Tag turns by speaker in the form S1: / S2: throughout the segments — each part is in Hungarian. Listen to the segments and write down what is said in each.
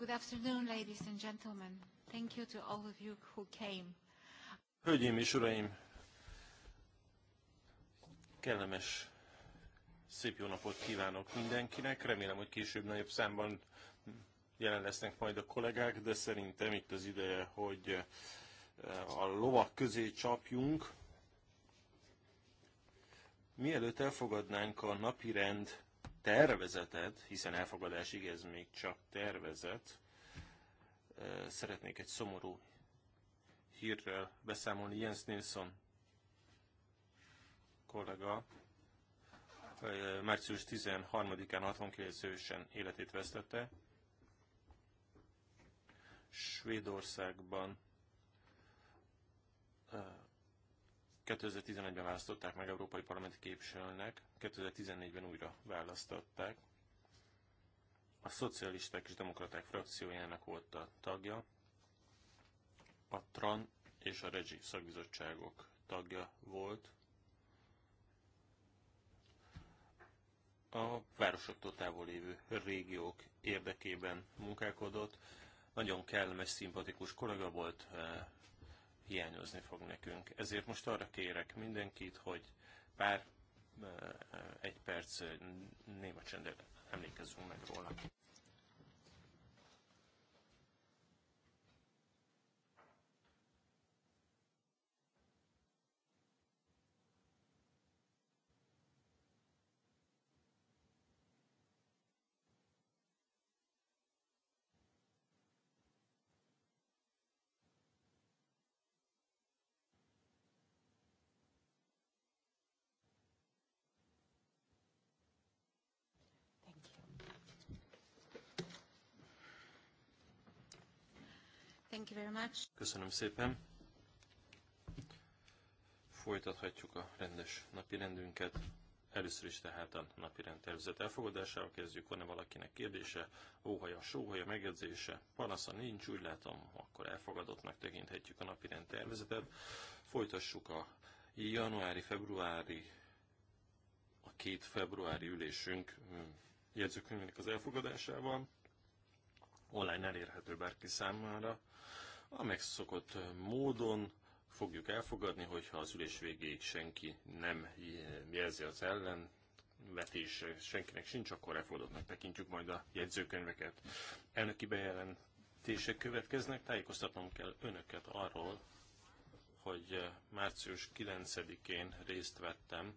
S1: Good afternoon, ladies and gentlemen. Thank you to all of you who came.
S2: Hölgyeim és uraim, kellemes szép jó napot kívánok mindenkinek. Remélem, hogy később nagyobb számban jelen lesznek majd a kollégák, de szerintem itt az ideje, hogy eh, a lovak közé csapjunk. Mielőtt elfogadnánk a napi rend? tervezetet, hiszen elfogadásig ez még csak tervezet, szeretnék egy szomorú hírrel beszámolni. Jens Nilsson kollega március 13-án 69 ősen életét vesztette. Svédországban 2011-ben választották meg Európai Parlamenti képviselőnek, 2014-ben újra választották. A Szocialisták és Demokraták frakciójának volt a tagja, a TRAN és a REGI szakbizottságok tagja volt. A városoktól távol lévő régiók érdekében munkálkodott. Nagyon kellemes, szimpatikus kollega volt, eh, hiányozni fog nekünk. Ezért most arra kérek mindenkit, hogy pár egy perc néma csendet emlékezzünk meg róla. Thank you very much. Köszönöm szépen. Folytathatjuk a rendes napi rendünket. Először is tehát a napi rendtervezet elfogadásával kezdjük. Van-e valakinek kérdése, óhaja, sóhaja, megjegyzése? Panasza nincs, úgy látom, akkor elfogadottnak tekinthetjük a napi rendtervezetet. Folytassuk a januári-februári, a két februári ülésünk hm, jegyzőkönyvének az elfogadásával online elérhető bárki számára. A megszokott módon fogjuk elfogadni, hogyha az ülés végéig senki nem jelzi az ellen, vetés senkinek sincs, akkor elfogadottnak tekintjük majd a jegyzőkönyveket. Elnöki bejelentések következnek, tájékoztatnom kell önöket arról, hogy eh, március 9-én részt vettem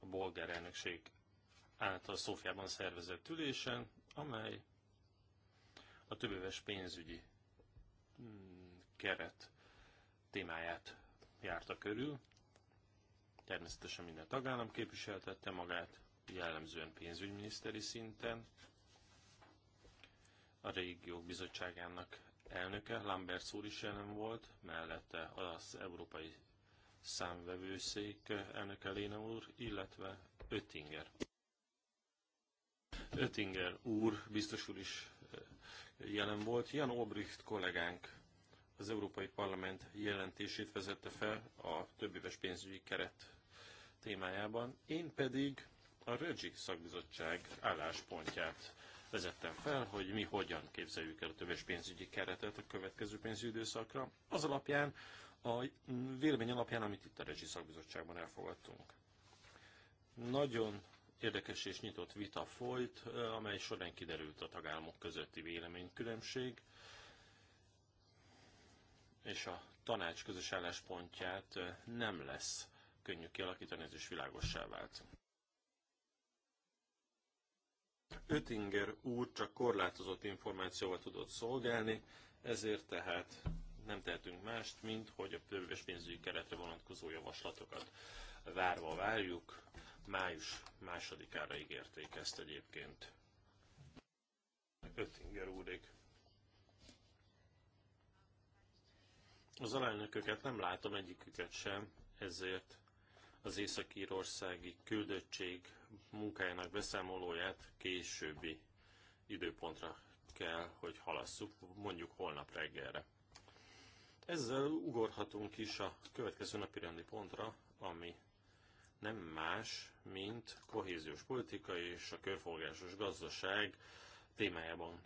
S2: a bolgár elnökség által Szófiában szervezett ülésen, amely a többéves pénzügyi mm, keret témáját járta körül. Természetesen minden tagállam képviseltette magát, jellemzően pénzügyminiszteri szinten. A régiók bizottságának elnöke Lambert úr is jelen volt, mellette az Európai Számvevőszék elnöke Léna úr, illetve Öttinger ötinger úr, biztos úr is eh, jelen volt. Jan Obricht kollégánk az Európai Parlament jelentését vezette fel a többéves pénzügyi keret témájában. Én pedig a Rögyi szakbizottság álláspontját vezettem fel, hogy mi hogyan képzeljük el a többes pénzügyi keretet a következő pénzügyi időszakra. Az alapján, a vélemény alapján, amit itt a Rögyi szakbizottságban elfogadtunk. Nagyon Érdekes és nyitott vita folyt, amely során kiderült a tagállamok közötti véleménykülönbség, és a tanács közös álláspontját nem lesz könnyű kialakítani, ez is világossá vált. Ötinger úr csak korlátozott információval tudott szolgálni, ezért tehát nem tehetünk mást, mint hogy a bővös pénzügyi keretre vonatkozó javaslatokat várva várjuk, Május másodikára ígérték ezt egyébként. Öttinger úrék. Az alelnököket nem látom egyiküket sem, ezért az Észak-Írországi küldöttség munkájának beszámolóját későbbi időpontra kell, hogy halasszuk, mondjuk holnap reggelre. Ezzel ugorhatunk is a következő napi rendi pontra, ami nem más, mint kohéziós politika és a körforgásos gazdaság témájában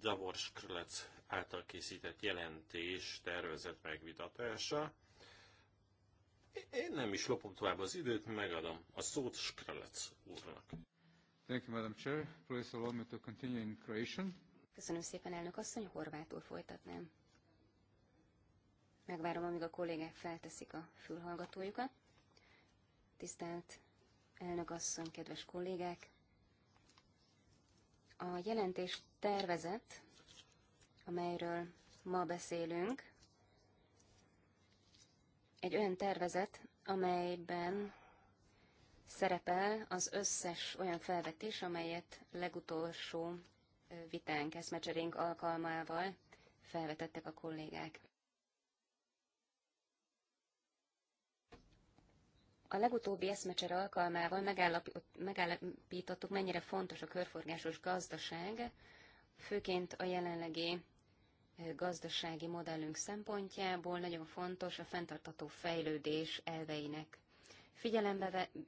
S2: Davor Skrlec által készített jelentés tervezett megvitatása. Én nem is lopom tovább az időt, megadom a szót Skrlec úrnak. Thank you, Madam Chair. Please allow me to continue in Croatian.
S3: Köszönöm szépen, elnök asszony, horvátul folytatnám. Megvárom, amíg a kollégák felteszik a fülhallgatójukat tisztelt elnök asszony, kedves kollégák! A jelentés tervezet, amelyről ma beszélünk, egy olyan tervezet, amelyben szerepel az összes olyan felvetés, amelyet legutolsó vitánk eszmecserénk alkalmával felvetettek a kollégák. A legutóbbi eszmecsere alkalmával megállapítottuk, mennyire fontos a körforgásos gazdaság, főként a jelenlegi gazdasági modellünk szempontjából nagyon fontos a fenntartató fejlődés elveinek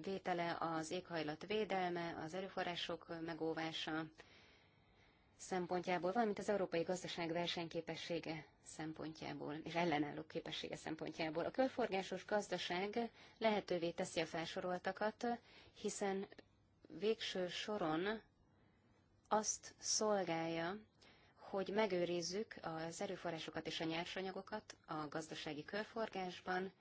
S3: vétele az éghajlat védelme, az erőforrások megóvása, szempontjából, valamint az európai gazdaság versenyképessége szempontjából és ellenálló képessége szempontjából. A körforgásos gazdaság lehetővé teszi a felsoroltakat, hiszen végső soron azt szolgálja, hogy megőrizzük az erőforrásokat és a nyersanyagokat a gazdasági körforgásban,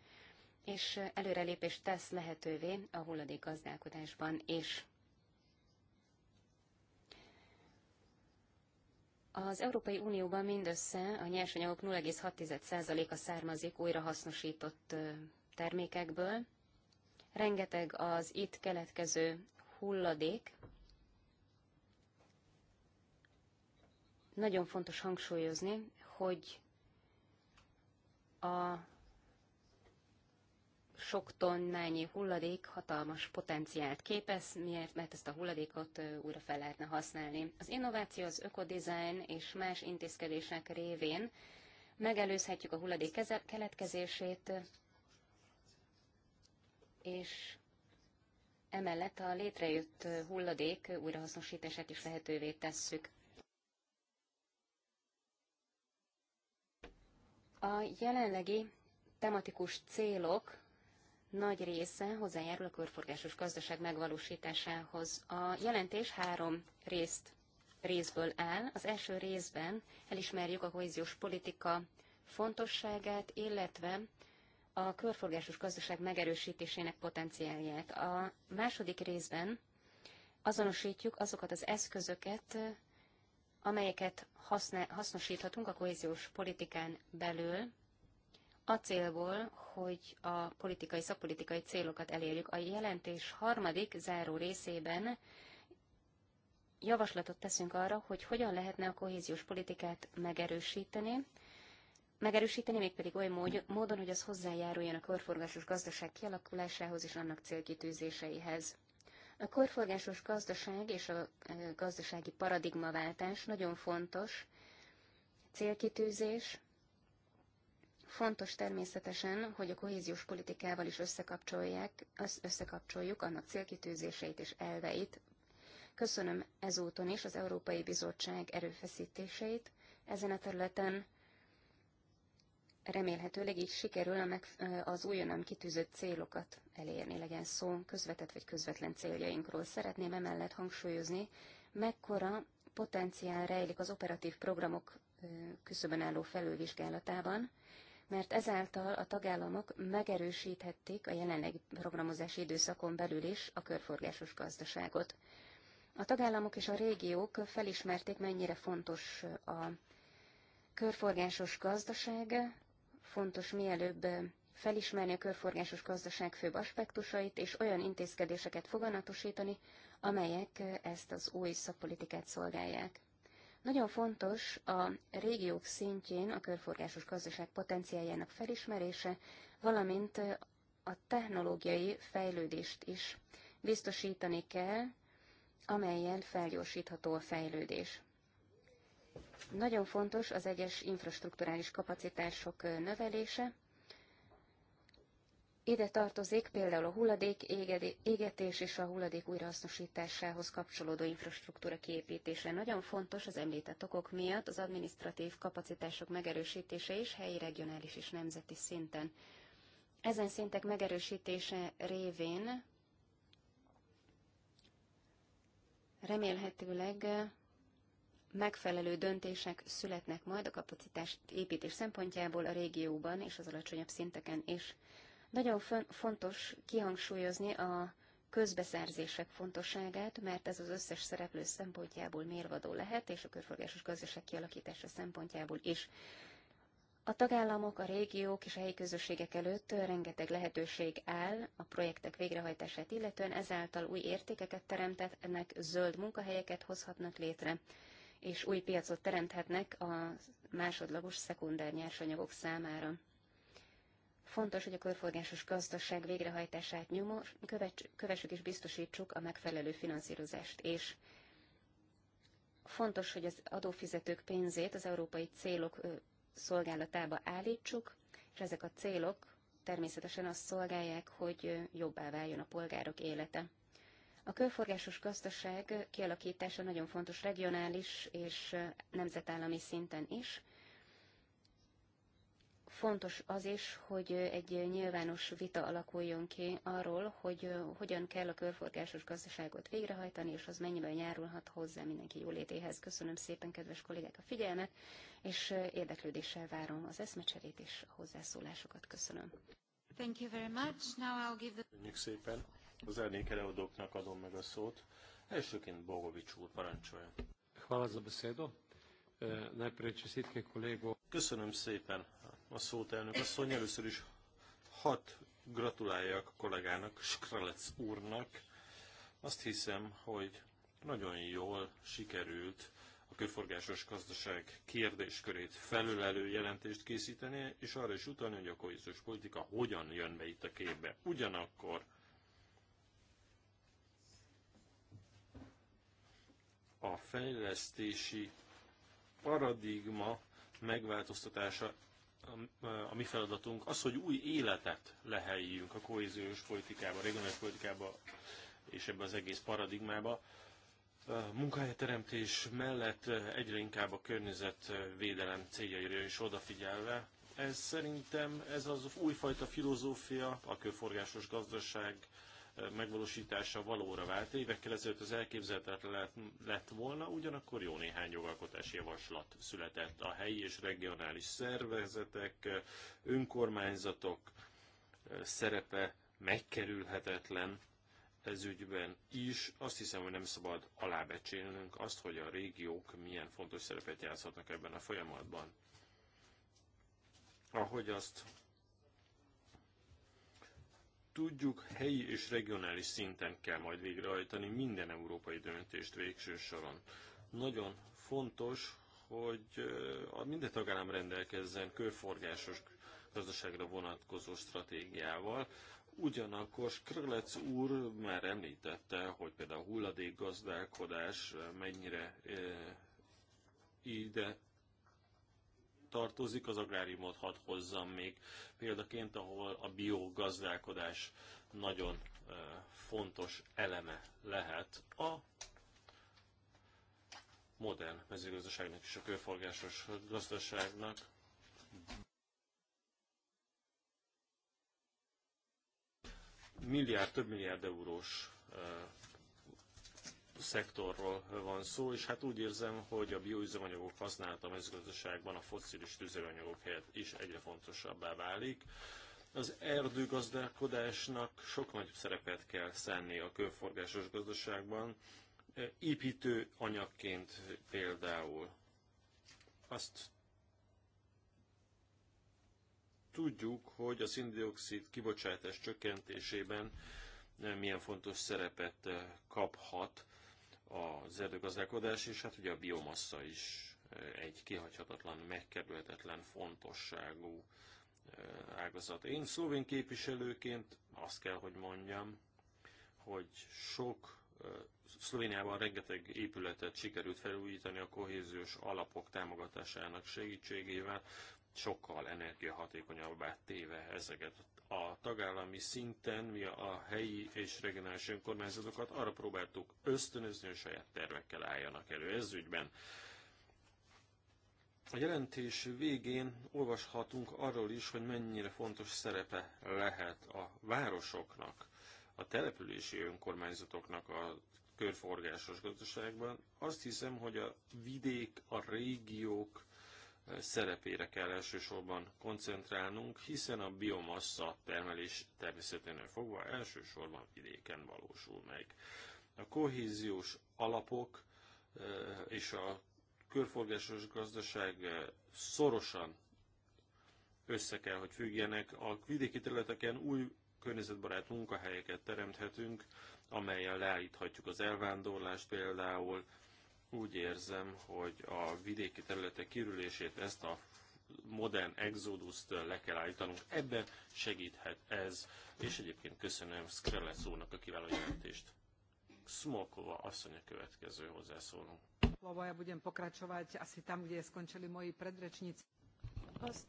S3: és előrelépést tesz lehetővé a hulladék gazdálkodásban is. Az Európai Unióban mindössze a nyersanyagok 0,6%-a származik újrahasznosított termékekből. Rengeteg az itt keletkező hulladék. Nagyon fontos hangsúlyozni, hogy a sok tonnányi hulladék hatalmas potenciált képez, miért? mert ezt a hulladékot újra fel lehetne használni. Az innováció, az ökodizájn és más intézkedések révén megelőzhetjük a hulladék keletkezését, és emellett a létrejött hulladék újrahasznosítását is lehetővé tesszük. A jelenlegi tematikus célok nagy része hozzájárul a körforgásos gazdaság megvalósításához. A jelentés három részt részből áll. Az első részben elismerjük a kohéziós politika fontosságát, illetve a körforgásos gazdaság megerősítésének potenciálját. A második részben azonosítjuk azokat az eszközöket, amelyeket hasznosíthatunk a kohéziós politikán belül, a célból, hogy a politikai, szakpolitikai célokat elérjük. A jelentés harmadik záró részében javaslatot teszünk arra, hogy hogyan lehetne a kohéziós politikát megerősíteni, megerősíteni mégpedig oly módon, hogy az hozzájáruljon a körforgásos gazdaság kialakulásához és annak célkitűzéseihez. A körforgásos gazdaság és a e, gazdasági paradigmaváltás nagyon fontos célkitűzés, Fontos természetesen, hogy a kohéziós politikával is összekapcsolják, összekapcsoljuk annak célkitűzéseit és elveit. Köszönöm ezúton is az Európai Bizottság erőfeszítéseit ezen a területen. Remélhetőleg így sikerül a meg, az újonnan kitűzött célokat elérni, legyen szó közvetett vagy közvetlen céljainkról. Szeretném emellett hangsúlyozni, mekkora potenciál rejlik az operatív programok küszöben álló felülvizsgálatában, mert ezáltal a tagállamok megerősíthették a jelenlegi programozási időszakon belül is a körforgásos gazdaságot. A tagállamok és a régiók felismerték, mennyire fontos a körforgásos gazdaság, fontos mielőbb felismerni a körforgásos gazdaság főbb aspektusait, és olyan intézkedéseket foganatosítani, amelyek ezt az új szakpolitikát szolgálják. Nagyon fontos a régiók szintjén a körforgásos gazdaság potenciáljának felismerése, valamint a technológiai fejlődést is biztosítani kell, amelyen felgyorsítható a fejlődés. Nagyon fontos az egyes infrastruktúrális kapacitások növelése, ide tartozik például a hulladék égetés és a hulladék újrahasznosításához kapcsolódó infrastruktúra kiépítése. Nagyon fontos az említett okok miatt az administratív kapacitások megerősítése is helyi, regionális és nemzeti szinten. Ezen szintek megerősítése révén remélhetőleg megfelelő döntések születnek majd a kapacitás építés szempontjából a régióban és az alacsonyabb szinteken is. Nagyon fontos kihangsúlyozni a közbeszerzések fontosságát, mert ez az összes szereplő szempontjából mérvadó lehet, és a körforgásos gazdaság kialakítása szempontjából is. A tagállamok, a régiók és a helyi közösségek előtt rengeteg lehetőség áll a projektek végrehajtását illetően, ezáltal új értékeket teremtetnek, zöld munkahelyeket hozhatnak létre, és új piacot teremthetnek a másodlagos szekundár nyersanyagok számára. Fontos, hogy a körforgásos gazdaság végrehajtását nyomos, kövessük és biztosítsuk a megfelelő finanszírozást és Fontos, hogy az adófizetők pénzét az európai célok szolgálatába állítsuk, és ezek a célok természetesen azt szolgálják, hogy jobbá váljon a polgárok élete. A körforgásos gazdaság kialakítása nagyon fontos regionális és nemzetállami szinten is, Fontos az is, hogy egy nyilvános vita alakuljon ki arról, hogy hogyan kell a körforgásos gazdaságot végrehajtani, és az mennyiben járulhat hozzá mindenki jólétéhez. Köszönöm szépen, kedves kollégák, a figyelmet, és érdeklődéssel várom az eszmecserét és a hozzászólásokat. Köszönöm. Thank you very much. Now I'll give the...
S2: Köszönjük szépen. Az árnyék előadóknak adom meg a szót. Elsőként Bogovics úr parancsolja. E, Köszönöm szépen a szót, elnök asszony. Először is hat gratuláljak a kollégának, Skralec úrnak. Azt hiszem, hogy nagyon jól sikerült a körforgásos gazdaság kérdéskörét felülelő jelentést készíteni, és arra is utalni, hogy a kohéziós politika hogyan jön be itt a képbe. Ugyanakkor a fejlesztési paradigma megváltoztatása a, mi feladatunk az, hogy új életet leheljünk a kohéziós politikába, a regionális politikába és ebbe az egész paradigmába. Munkahelyteremtés mellett egyre inkább a környezetvédelem céljaira is odafigyelve. Ez szerintem ez az újfajta filozófia, a körforgásos gazdaság megvalósítása valóra vált. Évekkel ezelőtt az elképzelhetetlen lett volna, ugyanakkor jó néhány jogalkotási javaslat született. A helyi és regionális szervezetek, önkormányzatok szerepe megkerülhetetlen ez ügyben is. Azt hiszem, hogy nem szabad alábecsélnünk azt, hogy a régiók milyen fontos szerepet játszhatnak ebben a folyamatban. Ahogy azt tudjuk, helyi és regionális szinten kell majd végrehajtani minden európai döntést végső soron. Nagyon fontos, hogy eh, minden tagállam rendelkezzen körforgásos gazdaságra vonatkozó stratégiával. Ugyanakkor Skrlec úr már említette, hogy például a hulladék gazdálkodás eh, mennyire eh, ide tartozik, az agráriumot hadd hozzam még példaként, ahol a biogazdálkodás nagyon fontos eleme lehet a modern mezőgazdaságnak és a körforgásos gazdaságnak. Milliárd, több milliárd eurós szektorról van szó, és hát úgy érzem, hogy a bioüzemanyagok használata a mezőgazdaságban a fosszilis tüzelőanyagok helyett is egyre fontosabbá válik. Az erdőgazdálkodásnak sok nagyobb szerepet kell szenni a körforgásos gazdaságban, építő anyagként például. Azt tudjuk, hogy a szindioxid kibocsátás csökkentésében milyen fontos szerepet eh, kaphat az erdőgazdálkodás, és hát ugye a biomassa is egy kihagyhatatlan, megkerülhetetlen fontosságú ágazat. Én szlovén képviselőként azt kell, hogy mondjam, hogy sok Szlovéniában rengeteg épületet sikerült felújítani a kohéziós alapok támogatásának segítségével, sokkal energiahatékonyabbá téve ezeket a a tagállami szinten, mi a helyi és regionális önkormányzatokat arra próbáltuk ösztönözni, hogy saját tervekkel álljanak elő ez ügyben. A jelentés végén olvashatunk arról is, hogy mennyire fontos szerepe lehet a városoknak, a települési önkormányzatoknak a körforgásos gazdaságban. Azt hiszem, hogy a vidék, a régiók szerepére kell elsősorban koncentrálnunk, hiszen a biomassa termelés természeténél fogva elsősorban vidéken valósul meg. A kohéziós alapok eh, és a körforgásos gazdaság eh, szorosan össze kell, hogy függjenek. A vidéki területeken új környezetbarát munkahelyeket teremthetünk, amelyen leállíthatjuk az elvándorlást például, úgy érzem, hogy a vidéki területek kirülését, ezt a modern exoduszt le kell állítanunk. Ebben segíthet ez, és egyébként köszönöm Skrelec úrnak a kiváló jelentést. Smokova asszony a következő hozzászólunk.
S1: Lebo ja budem pokračovať asi
S4: tam, kde skončili moji predrečníci. Azt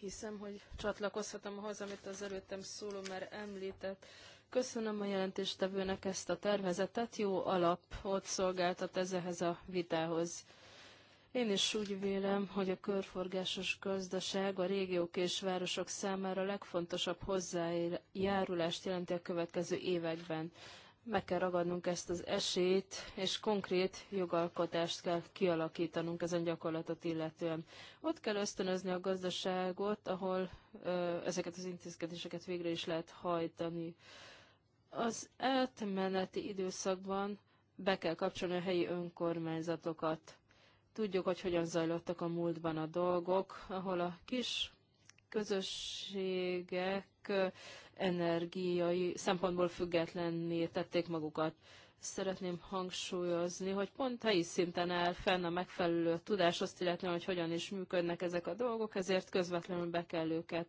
S4: hiszem, hogy csatlakozhatom ahhoz, amit az előttem szóló mert említett. Köszönöm a jelentéstevőnek ezt a tervezetet, jó alapot szolgáltat ez ehhez a vitához. Én is úgy vélem, hogy a körforgásos gazdaság a régiók és városok számára a legfontosabb hozzájárulást jelenti a következő években. Meg kell ragadnunk ezt az esélyt, és konkrét jogalkotást kell kialakítanunk ezen gyakorlatot illetően. Ott kell ösztönözni a gazdaságot, ahol ö, ezeket az intézkedéseket végre is lehet hajtani. Az átmeneti időszakban be kell kapcsolni a helyi önkormányzatokat. Tudjuk, hogy hogyan zajlottak a múltban a dolgok, ahol a kis közösségek energiai szempontból függetlenné tették magukat. Szeretném hangsúlyozni, hogy pont helyi szinten áll fenn a megfelelő tudás, azt hogy hogyan is működnek ezek a dolgok, ezért közvetlenül be kell őket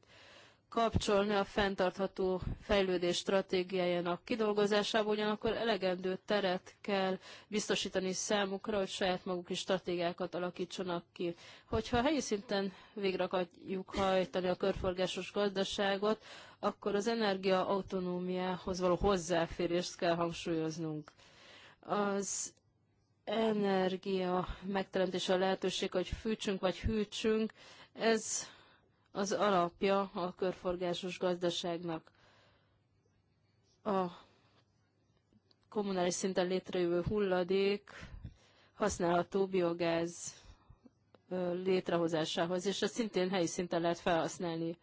S4: kapcsolni a fenntartható fejlődés stratégiájának kidolgozásába, ugyanakkor elegendő teret kell biztosítani számukra, hogy saját maguk is stratégiákat alakítsanak ki. Hogyha helyi szinten végre akarjuk hajtani a körforgásos gazdaságot, akkor az energia autonómiához való hozzáférést kell hangsúlyoznunk. Az energia megteremtése a lehetőség, hogy fűtsünk vagy hűtsünk, ez az alapja a körforgásos gazdaságnak. A kommunális szinten létrejövő hulladék használható biogáz létrehozásához, és ezt szintén helyi szinten lehet felhasználni.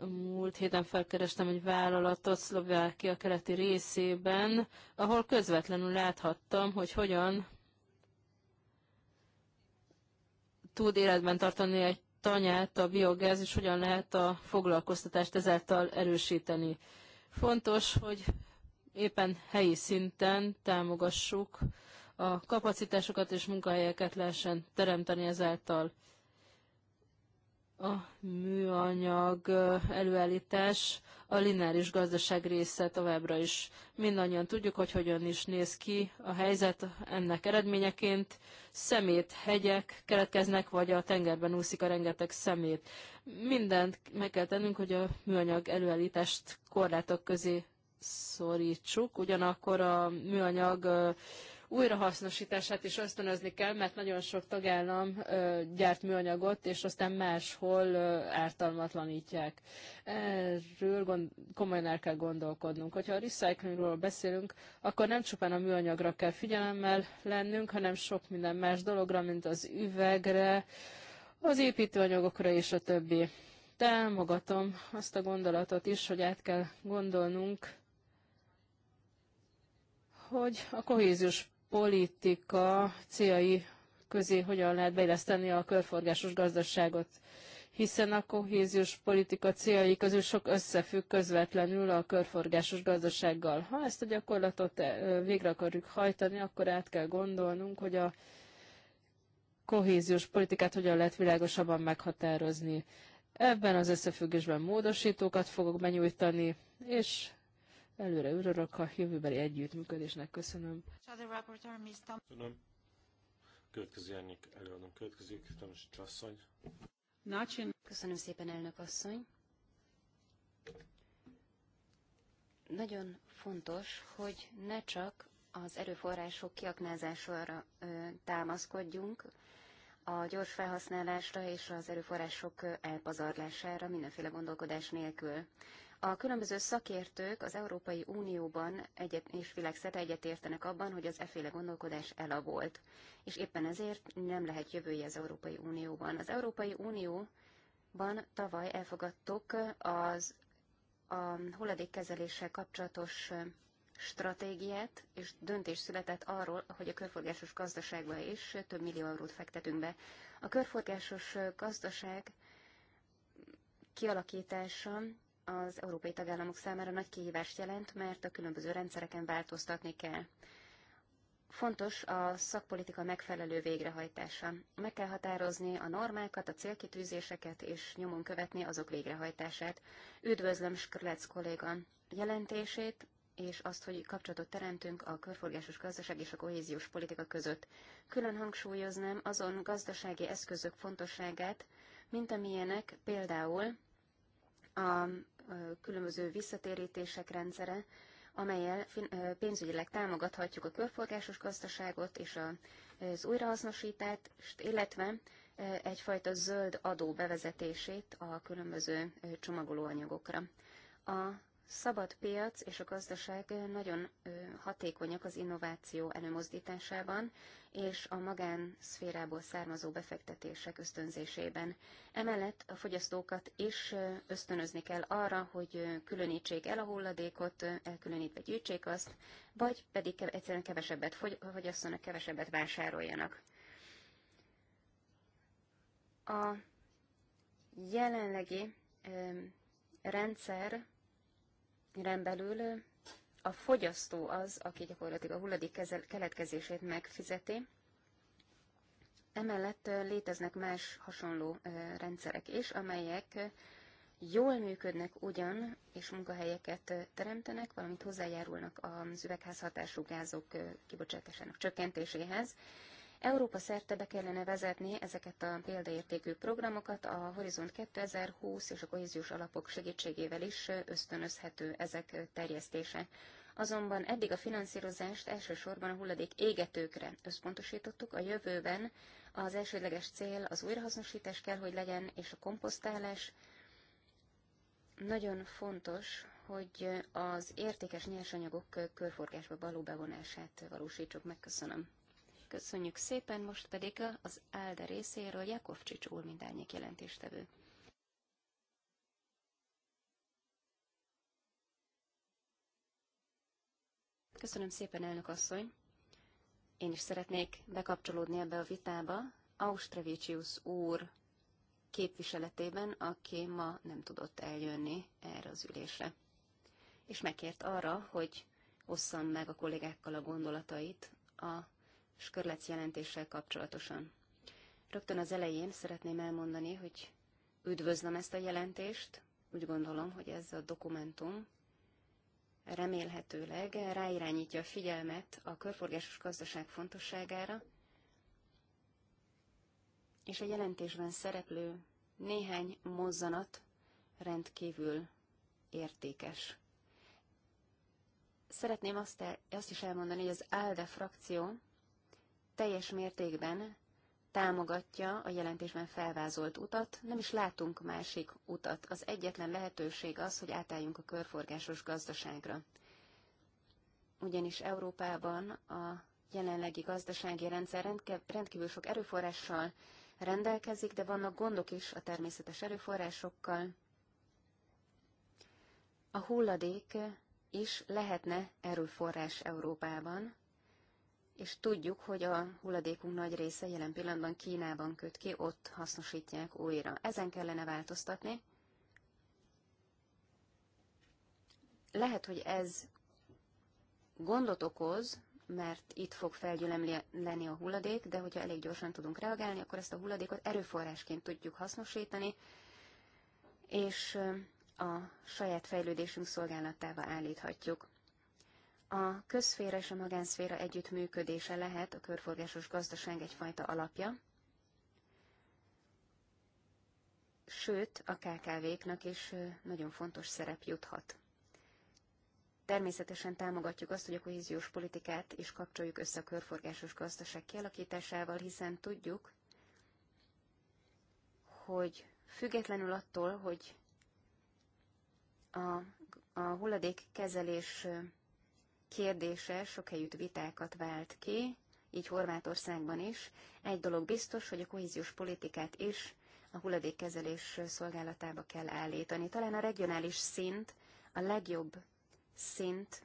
S4: Múlt héten felkerestem egy vállalatot Szlovákia keleti részében, ahol közvetlenül láthattam, hogy hogyan tud életben tartani egy tanyát a biogáz, és hogyan lehet a foglalkoztatást ezáltal erősíteni. Fontos, hogy éppen helyi szinten támogassuk a kapacitásokat és munkahelyeket lehessen teremteni ezáltal a műanyag előállítás a lineáris gazdaság része továbbra is. Mindannyian tudjuk, hogy hogyan is néz ki a helyzet ennek eredményeként. Szemét hegyek keletkeznek, vagy a tengerben úszik a rengeteg szemét. Mindent meg kell tennünk, hogy a műanyag előállítást korlátok közé szorítsuk, ugyanakkor a műanyag újrahasznosítását is ösztönözni kell, mert nagyon sok tagállam gyárt műanyagot, és aztán máshol ártalmatlanítják. Erről gond, komolyan el kell gondolkodnunk. Hogyha a recyclingról beszélünk, akkor nem csupán a műanyagra kell figyelemmel lennünk, hanem sok minden más dologra, mint az üvegre, az építőanyagokra és a többi. Támogatom azt a gondolatot is, hogy át kell gondolnunk, hogy a kohéziós politika céljai közé hogyan lehet beilleszteni a körforgásos gazdaságot hiszen a kohéziós politika céljai közül sok összefügg közvetlenül a körforgásos gazdasággal. Ha ezt a gyakorlatot eh, végre akarjuk hajtani, akkor át kell gondolnunk, hogy a kohéziós politikát hogyan lehet világosabban meghatározni. Ebben az összefüggésben módosítókat fogok benyújtani, és Előre örülök a jövőbeli
S3: együttműködésnek. Köszönöm.
S1: Köszönöm.
S2: Következő Jánnik előadom. Következik Tanos Csasszony.
S3: Köszönöm szépen, elnök asszony. Nagyon fontos, hogy ne csak az erőforrások kiaknázására támaszkodjunk, a gyors felhasználásra és az erőforrások elpazarlására mindenféle gondolkodás nélkül. A különböző szakértők az Európai Unióban egyet, és világszerte egyetértenek abban, hogy az eféle gondolkodás elavult, és éppen ezért nem lehet jövője az Európai Unióban. Az Európai Unióban tavaly elfogadtuk az a hulladékkezeléssel kapcsolatos stratégiát, és döntés született arról, hogy a körforgásos gazdaságba is több millió eurót fektetünk be. A körforgásos gazdaság kialakítása az európai tagállamok számára nagy kihívást jelent, mert a különböző rendszereken változtatni kell. Fontos a szakpolitika megfelelő végrehajtása. Meg kell határozni a normákat, a célkitűzéseket és nyomon követni azok végrehajtását. Üdvözlöm Skrlec kolléga jelentését, és azt, hogy kapcsolatot teremtünk a körforgásos gazdaság és a kohéziós politika között. Külön hangsúlyoznám azon gazdasági eszközök fontosságát, mint amilyenek például a különböző visszatérítések rendszere, amelyel pénzügyileg támogathatjuk a körforgásos gazdaságot és az újrahasznosítást, illetve egyfajta zöld adó bevezetését a különböző csomagolóanyagokra. A szabad piac és a gazdaság nagyon hatékonyak az innováció előmozdításában és a magánszférából származó befektetések ösztönzésében. Emellett a fogyasztókat is ösztönözni kell arra, hogy különítsék el a hulladékot, elkülönítve gyűjtsék azt, vagy pedig egyszerűen kevesebbet fogyasszanak, kevesebbet vásároljanak. A jelenlegi rendszer belül a fogyasztó az, aki gyakorlatilag a hulladék keletkezését megfizeti. Emellett léteznek más hasonló rendszerek is, amelyek jól működnek ugyan, és munkahelyeket teremtenek, valamint hozzájárulnak az üvegházhatású gázok kibocsátásának csökkentéséhez, Európa szerte be kellene vezetni ezeket a példaértékű programokat, a Horizont 2020 és a kohéziós alapok segítségével is ösztönözhető ezek terjesztése. Azonban eddig a finanszírozást elsősorban a hulladék égetőkre összpontosítottuk, a jövőben az elsődleges cél az újrahasznosítás kell, hogy legyen, és a komposztálás. Nagyon fontos, hogy az értékes nyersanyagok körforgásba való bevonását valósítsuk Megköszönöm. Köszönjük szépen, most pedig az ALDE részéről Jakovcsics úr mindárnyék jelentéstevő. Köszönöm szépen, elnök asszony. Én is szeretnék bekapcsolódni ebbe a vitába. Austrevicius úr képviseletében, aki ma nem tudott eljönni erre az ülésre. És megkért arra, hogy osszam meg a kollégákkal a gondolatait a és jelentéssel kapcsolatosan. Rögtön az elején szeretném elmondani, hogy üdvözlöm ezt a jelentést, úgy gondolom, hogy ez a dokumentum remélhetőleg ráirányítja a figyelmet a körforgásos gazdaság fontosságára, és a jelentésben szereplő néhány mozzanat rendkívül értékes. Szeretném azt, el, azt is elmondani, hogy az ALDE frakció teljes mértékben támogatja a jelentésben felvázolt utat, nem is látunk másik utat. Az egyetlen lehetőség az, hogy átálljunk a körforgásos gazdaságra. Ugyanis Európában a jelenlegi gazdasági rendszer rendkívül sok erőforrással rendelkezik, de vannak gondok is a természetes erőforrásokkal. A hulladék is lehetne erőforrás Európában, és tudjuk, hogy a hulladékunk nagy része jelen pillanatban Kínában köt ki, ott hasznosítják újra. Ezen kellene változtatni. Lehet, hogy ez gondot okoz, mert itt fog felgyülemleni a hulladék, de hogyha elég gyorsan tudunk reagálni, akkor ezt a hulladékot erőforrásként tudjuk hasznosítani, és a saját fejlődésünk szolgálatába állíthatjuk. A közszféra és a magánszféra együttműködése lehet a körforgásos gazdaság egyfajta alapja, sőt, a KKV-knak is nagyon fontos szerep juthat. Természetesen támogatjuk azt, hogy a kohéziós politikát is kapcsoljuk össze a körforgásos gazdaság kialakításával, hiszen tudjuk, hogy függetlenül attól, hogy a, a hulladékkezelés kérdése sok helyütt vitákat vált ki, így Horvátországban is. Egy dolog biztos, hogy a kohéziós politikát is a hulladékkezelés szolgálatába kell állítani. Talán a regionális szint a legjobb szint,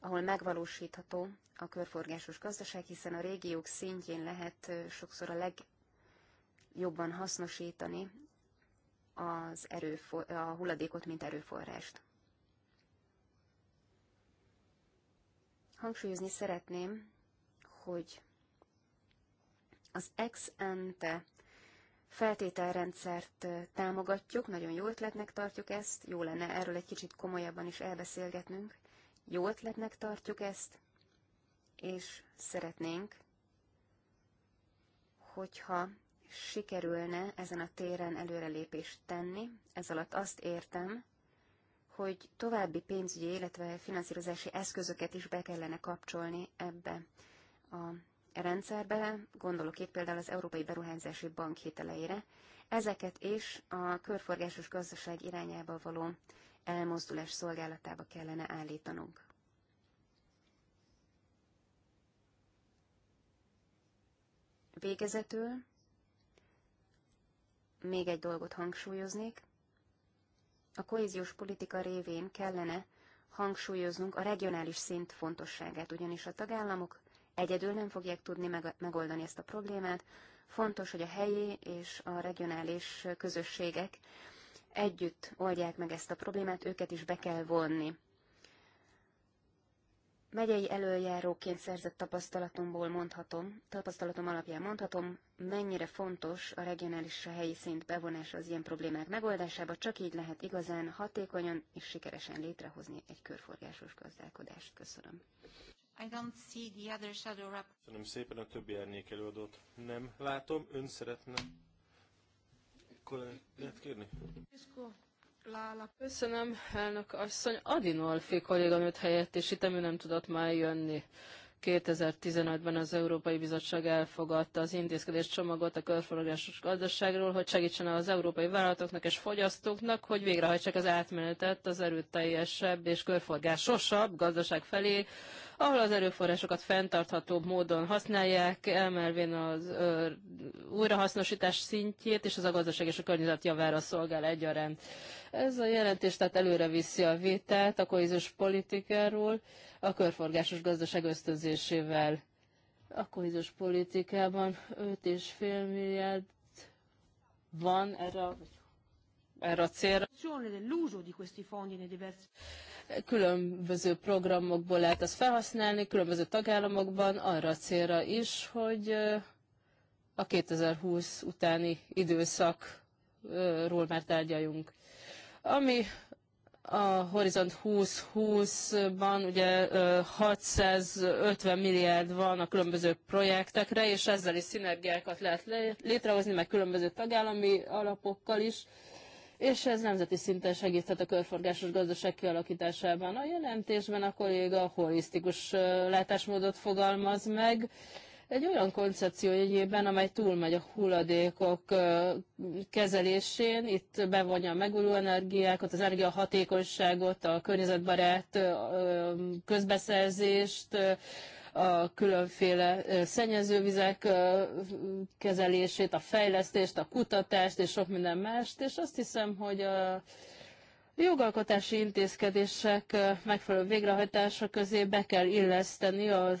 S3: ahol megvalósítható a körforgásos gazdaság, hiszen a régiók szintjén lehet sokszor a legjobban hasznosítani az erőfor- a hulladékot, mint erőforrást. Hangsúlyozni szeretném, hogy az ex ante feltételrendszert támogatjuk, nagyon jó ötletnek tartjuk ezt, jó lenne erről egy kicsit komolyabban is elbeszélgetnünk, jó ötletnek tartjuk ezt, és szeretnénk, hogyha sikerülne ezen a téren előrelépést tenni, ez alatt azt értem, hogy további pénzügyi, illetve finanszírozási eszközöket is be kellene kapcsolni ebbe a rendszerbe, gondolok itt például az Európai Beruházási Bank hiteleire, ezeket is a körforgásos gazdaság irányába való elmozdulás szolgálatába kellene állítanunk. Végezetül még egy dolgot hangsúlyoznék a kohéziós politika révén kellene hangsúlyoznunk a regionális szint fontosságát, ugyanis a tagállamok egyedül nem fogják tudni megoldani ezt a problémát. Fontos, hogy a helyi és a regionális közösségek együtt oldják meg ezt a problémát, őket is be kell vonni megyei előjáróként szerzett tapasztalatomból mondhatom, tapasztalatom alapján mondhatom, mennyire fontos a regionális a helyi szint bevonása az ilyen problémák megoldásába, csak így lehet igazán hatékonyan és sikeresen létrehozni egy körforgásos gazdálkodást. Köszönöm. I don't
S1: see the other shadow rap.
S2: Köszönöm szépen a többi árnyék előadót. Nem látom, ön szeretne lehet kérni? Köszönöm.
S4: Lála. Köszönöm, elnök asszony. Adinolfi kolléganőt helyettesítem, ő nem tudott már jönni. 2015-ben az Európai Bizottság elfogadta az intézkedés csomagot a körforgásos gazdaságról, hogy segítsen az európai vállalatoknak és fogyasztóknak, hogy végrehajtsák az átmenetet az erőteljesebb és körforgásosabb gazdaság felé, ahol az erőforrásokat fenntarthatóbb módon használják, emelvén az ö, újrahasznosítás szintjét, és az a gazdaság és a környezet javára szolgál egyaránt. Ez a jelentés tehát előre viszi a vitát a kohéziós politikáról, a körforgásos gazdaság ösztönzésével. A kohéziós politikában 5,5 milliárd van erre a erre a célra különböző programokból lehet ezt felhasználni, különböző tagállamokban arra a célra is, hogy a 2020 utáni időszakról már tárgyaljunk. Ami a Horizont 2020-ban ugye 650 milliárd van a különböző projektekre, és ezzel is szinergiákat lehet létrehozni, meg különböző tagállami alapokkal is és ez nemzeti szinten segíthet a körforgásos gazdaság kialakításában. A jelentésben a kolléga holisztikus látásmódot fogalmaz meg, egy olyan koncepció egyében, amely túlmegy a hulladékok kezelésén, itt bevonja a megújuló energiákat, az energiahatékonyságot, a környezetbarát közbeszerzést, a különféle szennyezővizek kezelését, a fejlesztést, a kutatást és sok minden mást, és azt hiszem, hogy a jogalkotási intézkedések megfelelő végrehajtása közé be kell illeszteni a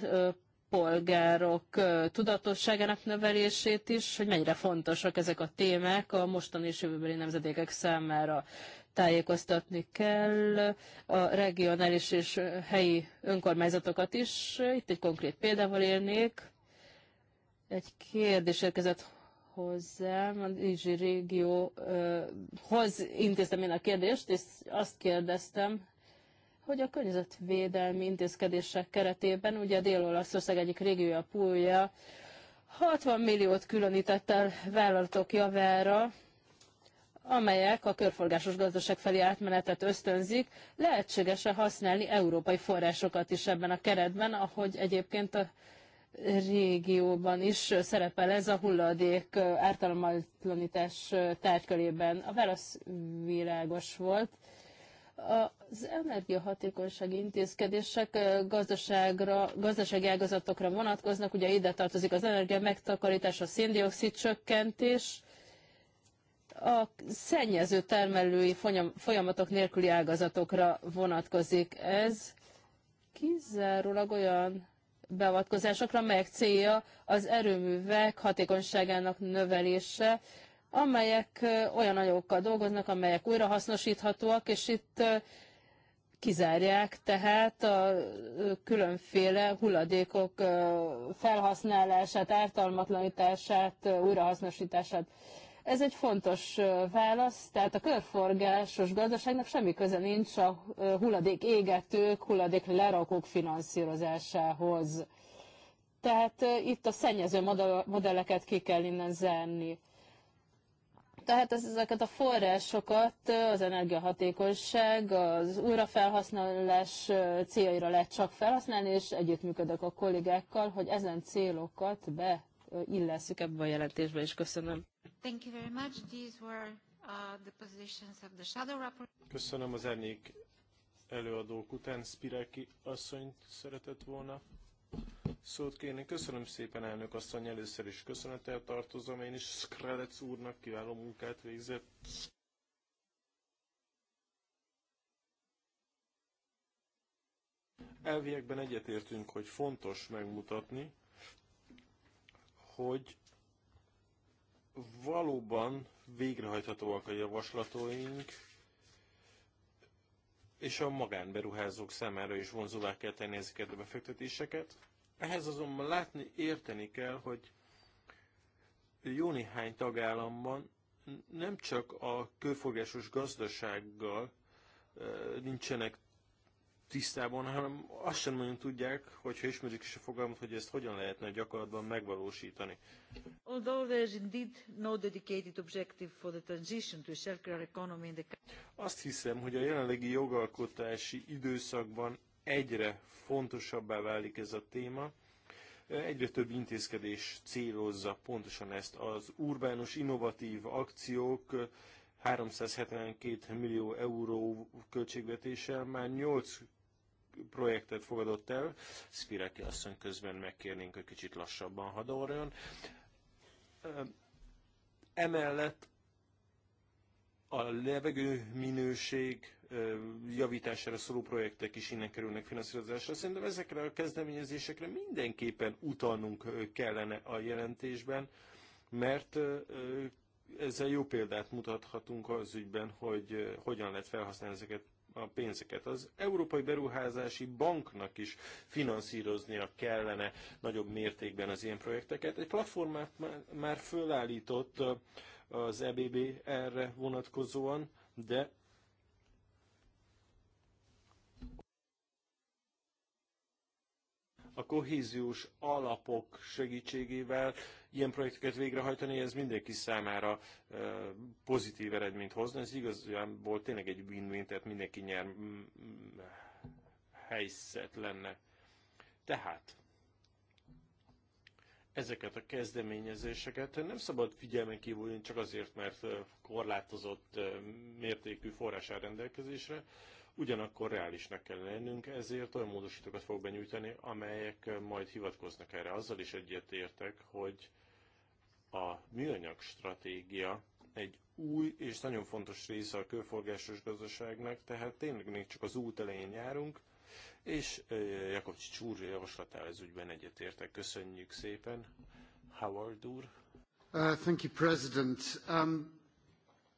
S4: polgárok tudatosságának növelését is, hogy mennyire fontosak ezek a témák a mostani és jövőbeli nemzedékek számára tájékoztatni kell a regionális és helyi önkormányzatokat is. Itt egy konkrét példával élnék. Egy kérdés érkezett hozzám, a Dizsi régióhoz intéztem én a kérdést, és azt kérdeztem, hogy a környezetvédelmi intézkedések keretében, ugye a Dél-Olaszország egyik régiója, a Púlja, 60 milliót különített el vállalatok javára, amelyek a körforgásos gazdaság felé átmenetet ösztönzik, lehetséges-e használni európai forrásokat is ebben a keretben, ahogy egyébként a régióban is szerepel ez a hulladék ártalmatlanítás tárgykörében. A válasz világos volt. Az energiahatékonysági intézkedések gazdaságra, gazdasági ágazatokra vonatkoznak, ugye ide tartozik az energia megtakarítás, a széndiokszid csökkentés, a szennyező termelői folyamatok nélküli ágazatokra vonatkozik. Ez kizárólag olyan beavatkozásokra, melyek célja az erőművek hatékonyságának növelése, amelyek olyan anyagokkal dolgoznak, amelyek újrahasznosíthatóak, és itt kizárják tehát a különféle hulladékok felhasználását, ártalmatlanítását, újrahasznosítását. Ez egy fontos válasz, tehát a körforgásos gazdaságnak semmi köze nincs a hulladék égetők, hulladék lerakók finanszírozásához. Tehát itt a szennyező modelleket ki kell innen zárni. Tehát ez, ezeket a forrásokat az energiahatékonyság, az újrafelhasználás céljaira lehet csak felhasználni, és együttműködök a kollégákkal, hogy ezen célokat beillesszük ebbe a jelentésbe, és
S2: köszönöm.
S1: Thank you very much. These were uh, the positions of the shadow rapport.
S2: Köszönöm az ennék előadók után. Spireki asszonyt szeretett volna szót kérni. Köszönöm szépen, elnök asszony, először is köszönettel tartozom. Én is Skrelec úrnak kiváló munkát végzett. Elviekben egyetértünk, hogy fontos megmutatni, hogy valóban végrehajthatóak a javaslataink, és a magánberuházók számára is vonzóvá kell tenni ezeket a befektetéseket. Ehhez azonban látni, érteni kell, hogy jó néhány tagállamban nem csak a kőfogásos gazdasággal eh, nincsenek tisztában, hanem azt sem nagyon tudják, hogyha ismerik is a fogalmat, hogy ezt hogyan lehetne gyakorlatban megvalósítani. Azt hiszem, hogy a jelenlegi jogalkotási időszakban egyre fontosabbá válik ez a téma. Egyre több intézkedés célozza pontosan ezt az urbánus innovatív akciók, 372 millió euró költségvetéssel már 8 projektet fogadott el. Spireki asszony közben megkérnénk, hogy kicsit lassabban hadorjon. Emellett a levegő minőség javítására szóló projektek is innen kerülnek finanszírozásra. Szerintem ezekre a kezdeményezésekre mindenképpen utalnunk kellene a jelentésben, mert ezzel jó példát mutathatunk az ügyben, hogy hogyan lehet felhasználni ezeket a pénzeket. Az Európai Beruházási Banknak is finanszíroznia kellene nagyobb mértékben az ilyen projekteket. Egy platformát már fölállított az EBB erre vonatkozóan, de a kohéziós alapok segítségével ilyen projekteket végrehajtani, ez mindenki számára pozitív eredményt hozna. Ez igazából tényleg egy win-win, tehát mindenki nyer helyzet lenne. Tehát ezeket a kezdeményezéseket nem szabad figyelmen kívülni csak azért, mert korlátozott mértékű forrás rendelkezésre, Ugyanakkor reálisnak kell lennünk, ezért olyan módosítókat fog benyújtani, amelyek majd hivatkoznak erre. Azzal is egyetértek, hogy a műanyag stratégia egy új és nagyon fontos része a körforgásos gazdaságnak, tehát tényleg még csak az út elején járunk, és Jakob Csúr javaslatál ez ügyben egyetértek. Köszönjük szépen, Howard úr. Uh, thank you, President. Um,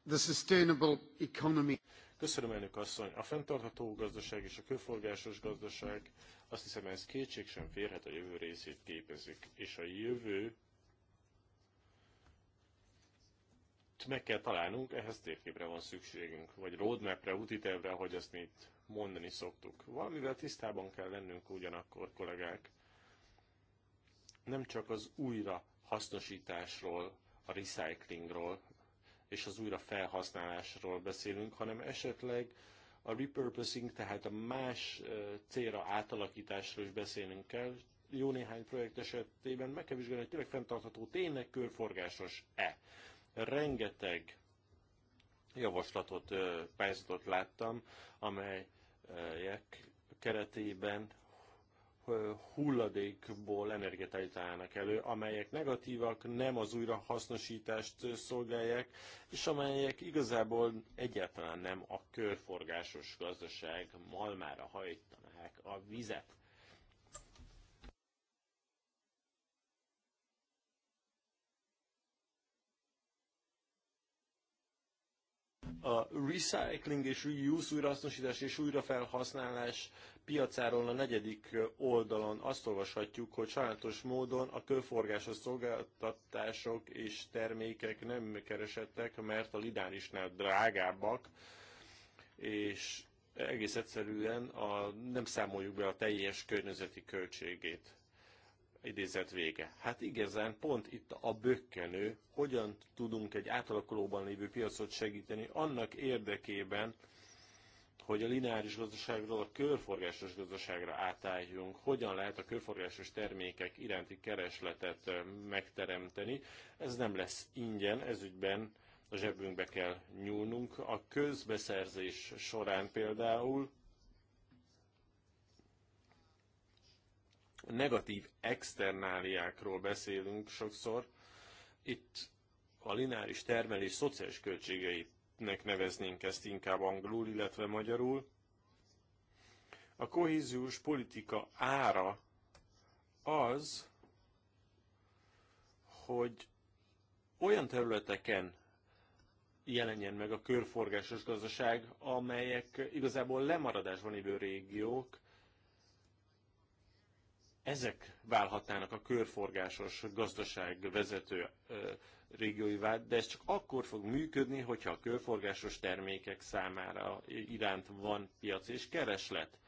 S2: the sustainable economy. Köszönöm, elnök asszony. A fenntartható gazdaság és a körforgásos gazdaság azt hiszem ez kétség sem férhet a jövő részét képezik. És a jövő meg kell találnunk, ehhez térképre van szükségünk, vagy roadmapre, útitevre, hogy ezt mi mondani szoktuk. Valamivel tisztában kell lennünk ugyanakkor, kollégák. Nem csak az újra hasznosításról, a recyclingról és az újra felhasználásról beszélünk, hanem esetleg a repurposing, tehát a más célra átalakításról is beszélnünk kell. Jó néhány projekt esetében meg kell vizsgálni, hogy tényleg fenntartható, tényleg körforgásos-e. Rengeteg javaslatot, pályázatot láttam, amelyek keretében hulladékból energiát állítanának elő, amelyek negatívak, nem az újrahasznosítást szolgálják, és amelyek igazából egyáltalán nem a körforgásos gazdaság malmára hajtanák a vizet. A recycling és reuse, újrahasznosítás és újrafelhasználás piacáról a negyedik oldalon azt olvashatjuk, hogy sajátos módon a körforgásos szolgáltatások és termékek nem keresettek, mert a lidánisnál drágábbak, és egész egyszerűen a, nem számoljuk be a teljes környezeti költségét. Idézett vége. Hát igazán pont itt a bökkenő, hogyan tudunk egy átalakulóban lévő piacot segíteni annak érdekében, hogy a lineáris gazdaságról a körforgásos gazdaságra átálljunk, hogyan lehet a körforgásos termékek iránti keresletet megteremteni. Ez nem lesz ingyen, ezügyben a zsebünkbe kell nyúlnunk. A közbeszerzés során például negatív externáliákról beszélünk sokszor. Itt a lineáris termelés szociális költségeit nek neveznénk ezt inkább angolul, illetve magyarul. A kohéziós politika ára az, hogy olyan területeken jelenjen meg a körforgásos gazdaság, amelyek igazából lemaradásban élő régiók, ezek válhatnának a körforgásos gazdaság vezető régióivá, de ez csak akkor fog működni, hogyha a körforgásos termékek számára iránt van piac és kereslet.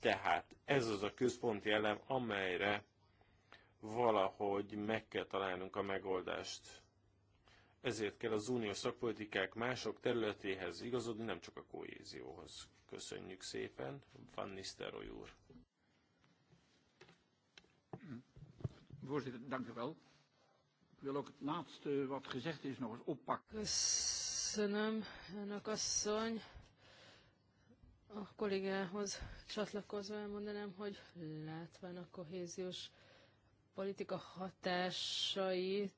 S2: Tehát ez az a központi elem, amelyre valahogy meg kell találnunk a megoldást. Ezért kell az unió szakpolitikák mások területéhez igazodni, nem csak a kohézióhoz. Köszönjük szépen, Van Nisztelrooy úr.
S4: Voorzitter, dank u wel wil ook het laatste wat gezegd is nog eens oppakken. Köszönöm, önök asszony. A kollégához csatlakozva elmondanám, hogy látván a kohéziós politika hatásait,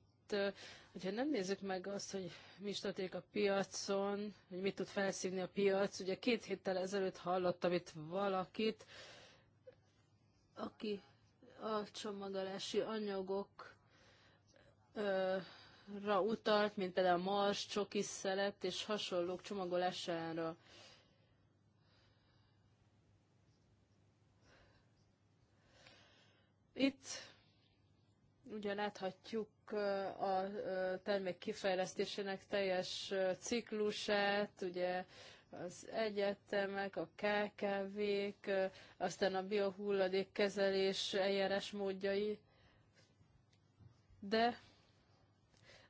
S4: hogyha nem nézzük meg azt, hogy mi is történik a piacon, hogy mit tud felszívni a piac, ugye két héttel ezelőtt hallottam itt valakit, aki a csomagolási anyagok ra utalt, mint például a mars, csoki szelet és hasonlók csomagolására. Itt ugye láthatjuk a termék kifejlesztésének teljes ciklusát, ugye az egyetemek, a KKV-k, aztán a biohulladék kezelés eljárás módjai, de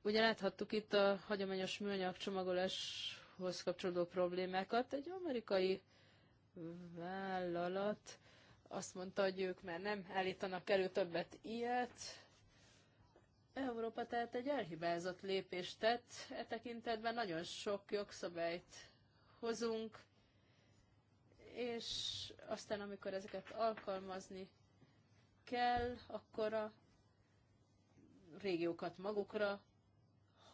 S4: Ugye láthattuk itt a hagyományos műanyag csomagoláshoz kapcsolódó problémákat. Egy amerikai vállalat azt mondta, hogy ők már nem állítanak elő többet ilyet. Európa tehát egy elhibázott lépést tett. E tekintetben nagyon sok jogszabályt hozunk, és aztán amikor ezeket alkalmazni kell, akkor a régiókat magukra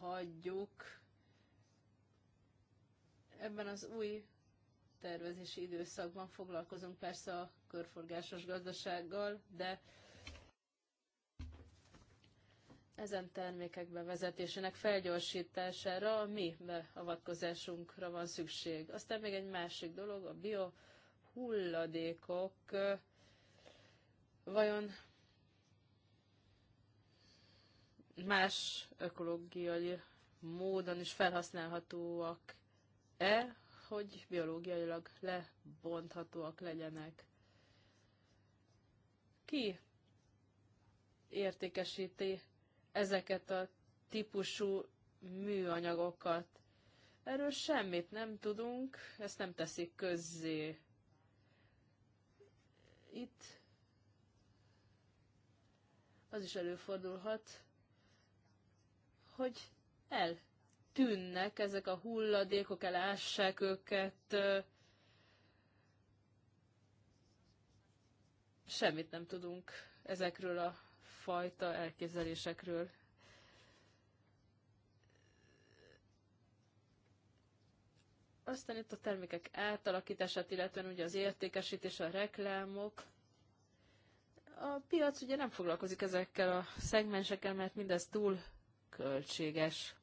S4: hagyjuk ebben az új tervezési időszakban foglalkozunk persze a körforgásos gazdasággal, de ezen termékek bevezetésének felgyorsítására a mi beavatkozásunkra van szükség. Aztán még egy másik dolog, a biohulladékok vajon más ökológiai módon is felhasználhatóak-e, hogy biológiailag lebonthatóak legyenek. Ki értékesíti ezeket a típusú műanyagokat? Erről semmit nem tudunk, ezt nem teszik közzé. Itt az is előfordulhat, hogy eltűnnek ezek a hulladékok, elássák őket, semmit nem tudunk ezekről a fajta elképzelésekről. Aztán itt a termékek átalakítását, illetve ugye az értékesítés, a reklámok. A piac ugye nem foglalkozik ezekkel a szegmensekkel, mert mindez túl költséges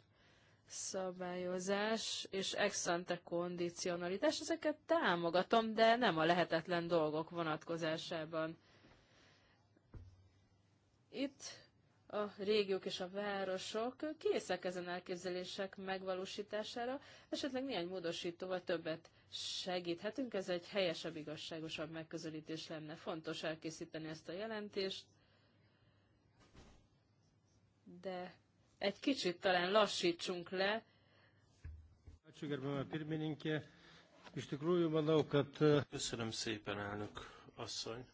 S4: szabályozás és ex ante kondicionalitás, ezeket támogatom, de nem a lehetetlen dolgok vonatkozásában. Itt a régiók és a városok készek ezen elképzelések megvalósítására, esetleg néhány módosítóval többet segíthetünk, ez egy helyesebb, igazságosabb megközelítés lenne. Fontos elkészíteni ezt a jelentést, de egy kicsit talán lassítsunk le.
S2: Köszönöm szépen, elnök asszony.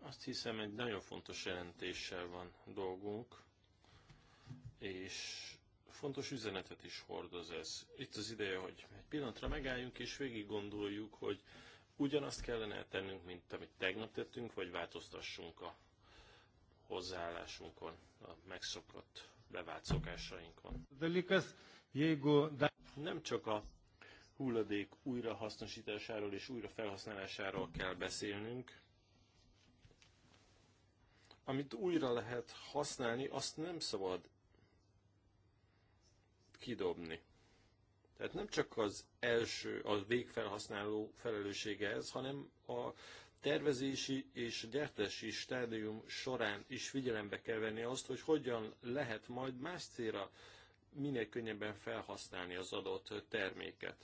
S2: Azt hiszem, egy nagyon fontos jelentéssel van dolgunk, és fontos üzenetet is hordoz ez. Itt az ideje, hogy egy pillanatra megálljunk és végig gondoljuk, hogy ugyanazt kellene tennünk, mint amit tegnap tettünk, vagy változtassunk a hozzáállásunkon, a megszokott bevált szokásainkon. Nem csak a hulladék újrahasznosításáról és újrafelhasználásáról kell beszélnünk, amit újra lehet használni, azt nem szabad kidobni. Tehát nem csak az első, a végfelhasználó felelőssége ez, hanem a tervezési és gyártási stádium során is figyelembe kell venni azt, hogy hogyan lehet majd más célra minél könnyebben felhasználni az adott terméket.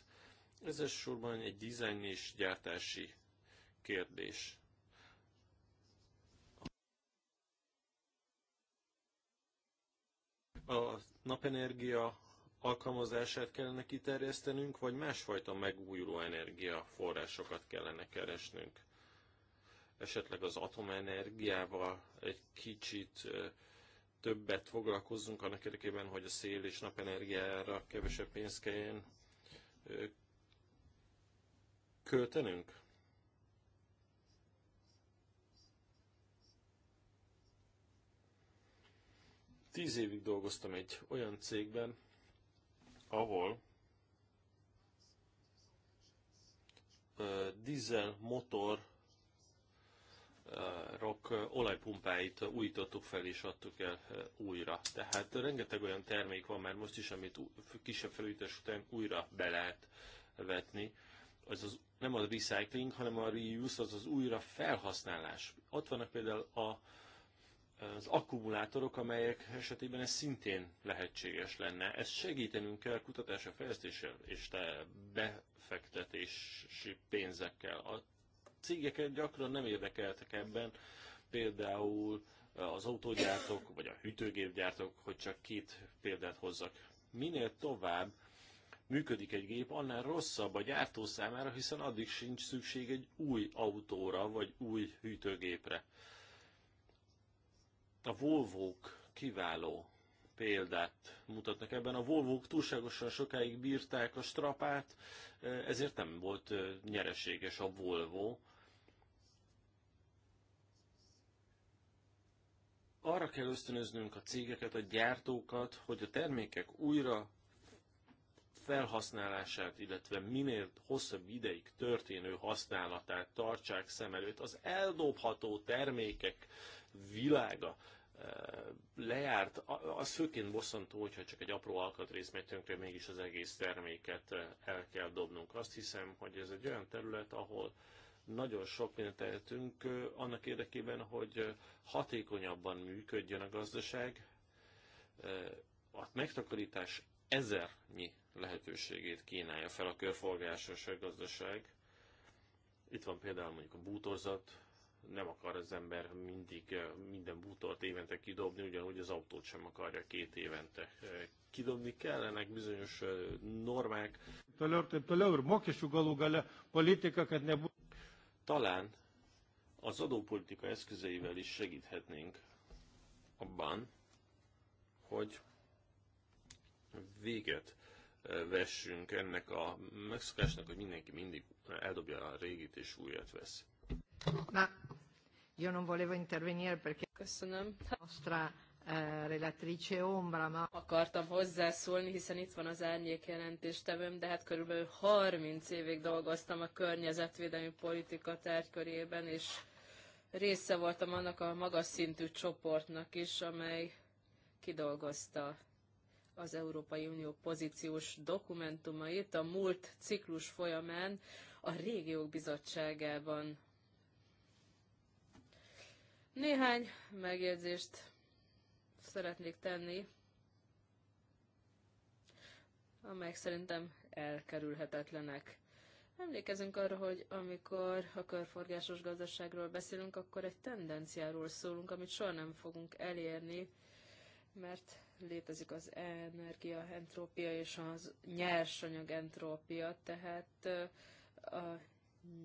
S2: Ez elsősorban egy dizájn és gyártási kérdés. A napenergia alkalmazását kellene kiterjesztenünk, vagy másfajta megújuló energiaforrásokat kellene keresnünk esetleg az atomenergiával egy kicsit többet foglalkozzunk annak érdekében, hogy a szél és napenergiára kevesebb pénzt kelljen költenünk? Tíz évig dolgoztam egy olyan cégben, ahol dízel motor rock olajpumpáit újítottuk fel és adtuk el e, újra. Tehát rengeteg olyan termék van már most is, amit kisebb felújítás után újra be lehet vetni. Ez az, nem a recycling, hanem a reuse, az az újra felhasználás. Ott vannak például a, az akkumulátorok, amelyek esetében ez szintén lehetséges lenne. Ezt segítenünk kell kutatásra, fejlesztéssel és befektetési pénzekkel. A cégeket gyakran nem érdekeltek ebben, például az autógyártók vagy a hűtőgépgyártók, hogy csak két példát hozzak. Minél tovább működik egy gép, annál rosszabb a gyártó számára, hiszen addig sincs szükség egy új autóra vagy új hűtőgépre. A volvo kiváló példát mutatnak ebben. A volvo túlságosan sokáig bírták a strapát, ezért nem volt nyereséges a Volvo. Arra kell ösztönöznünk a cégeket, a gyártókat, hogy a termékek újra felhasználását, illetve minél hosszabb ideig történő használatát tartsák szem előtt. Az eldobható termékek világa lejárt, az főként bosszantó, hogyha csak egy apró alkatrész megy tönkre, mégis az egész terméket el kell dobnunk. Azt hiszem, hogy ez egy olyan terület, ahol nagyon sok mindent tehetünk annak érdekében, hogy hatékonyabban működjön a gazdaság. A megtakarítás ezernyi lehetőségét kínálja fel a körforgásos gazdaság. Itt van például mondjuk a bútorzat, nem akar az ember mindig eh, minden bútort évente kidobni, ugyanúgy az autót sem akarja két évente eh, kidobni kellenek bizonyos eh, normák. Talán az adópolitika eszközeivel is segíthetnénk abban, hogy véget vessünk ennek a megszokásnak, hogy mindenki mindig eldobja a régit és újat vesz.
S4: Na, Io non volevo intervenire perché Köszönöm. nostra eh, relatrice ombra, ma... Akartam hozzászólni, hiszen itt van az árnyék jelentéstevőm, de hát körülbelül 30 évig dolgoztam a környezetvédelmi politika tárgykörében, és része voltam annak a magas szintű csoportnak is, amely kidolgozta az Európai Unió pozíciós dokumentumait a múlt ciklus folyamán a régiók bizottságában néhány megjegyzést szeretnék tenni, amelyek szerintem elkerülhetetlenek. Emlékezünk arra, hogy amikor a körforgásos gazdaságról beszélünk, akkor egy tendenciáról szólunk, amit soha nem fogunk elérni, mert létezik az energia entrópia és az nyersanyag entrópia, tehát a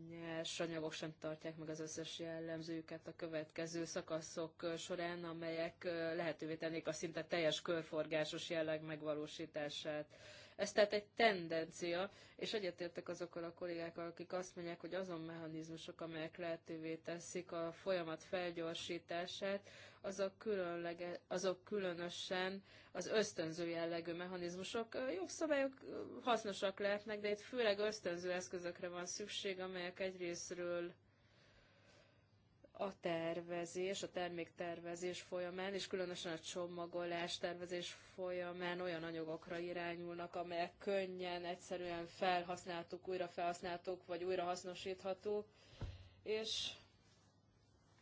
S4: nyersanyagok sem tartják meg az összes jellemzőjüket a következő szakaszok során, amelyek lehetővé tennék a szinte teljes körforgásos jelleg megvalósítását. Ez tehát egy tendencia, és egyetértek azokkal a kollégákkal, akik azt mondják, hogy azon mechanizmusok, amelyek lehetővé teszik a folyamat felgyorsítását, azok, különlege, azok különösen az ösztönző jellegű mechanizmusok. Jogszabályok hasznosak lehetnek, de itt főleg ösztönző eszközökre van szükség, amelyek egyrésztről a tervezés, a terméktervezés folyamán, és különösen a csomagolás tervezés folyamán olyan anyagokra irányulnak, amelyek könnyen, egyszerűen felhasználtuk, újra felhasználtuk, vagy újra hasznosíthatók, és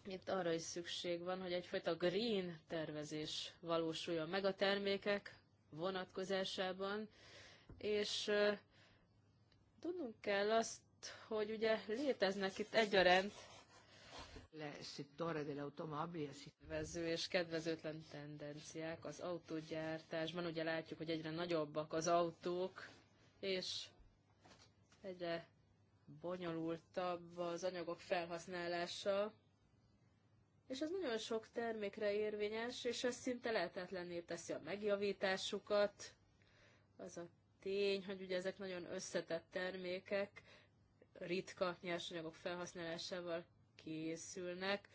S4: itt arra is szükség van, hogy egyfajta green tervezés valósuljon meg a termékek vonatkozásában, és tudnunk kell azt, hogy ugye léteznek itt egyaránt Kedvező és kedvezőtlen tendenciák az autógyártásban. Ugye látjuk, hogy egyre nagyobbak az autók, és egyre bonyolultabb az anyagok felhasználása, és ez nagyon sok termékre érvényes, és ez szinte lehetetlenné teszi a megjavításukat. Az a tény, hogy ugye ezek nagyon összetett termékek, ritka nyersanyagok felhasználásával készülnek,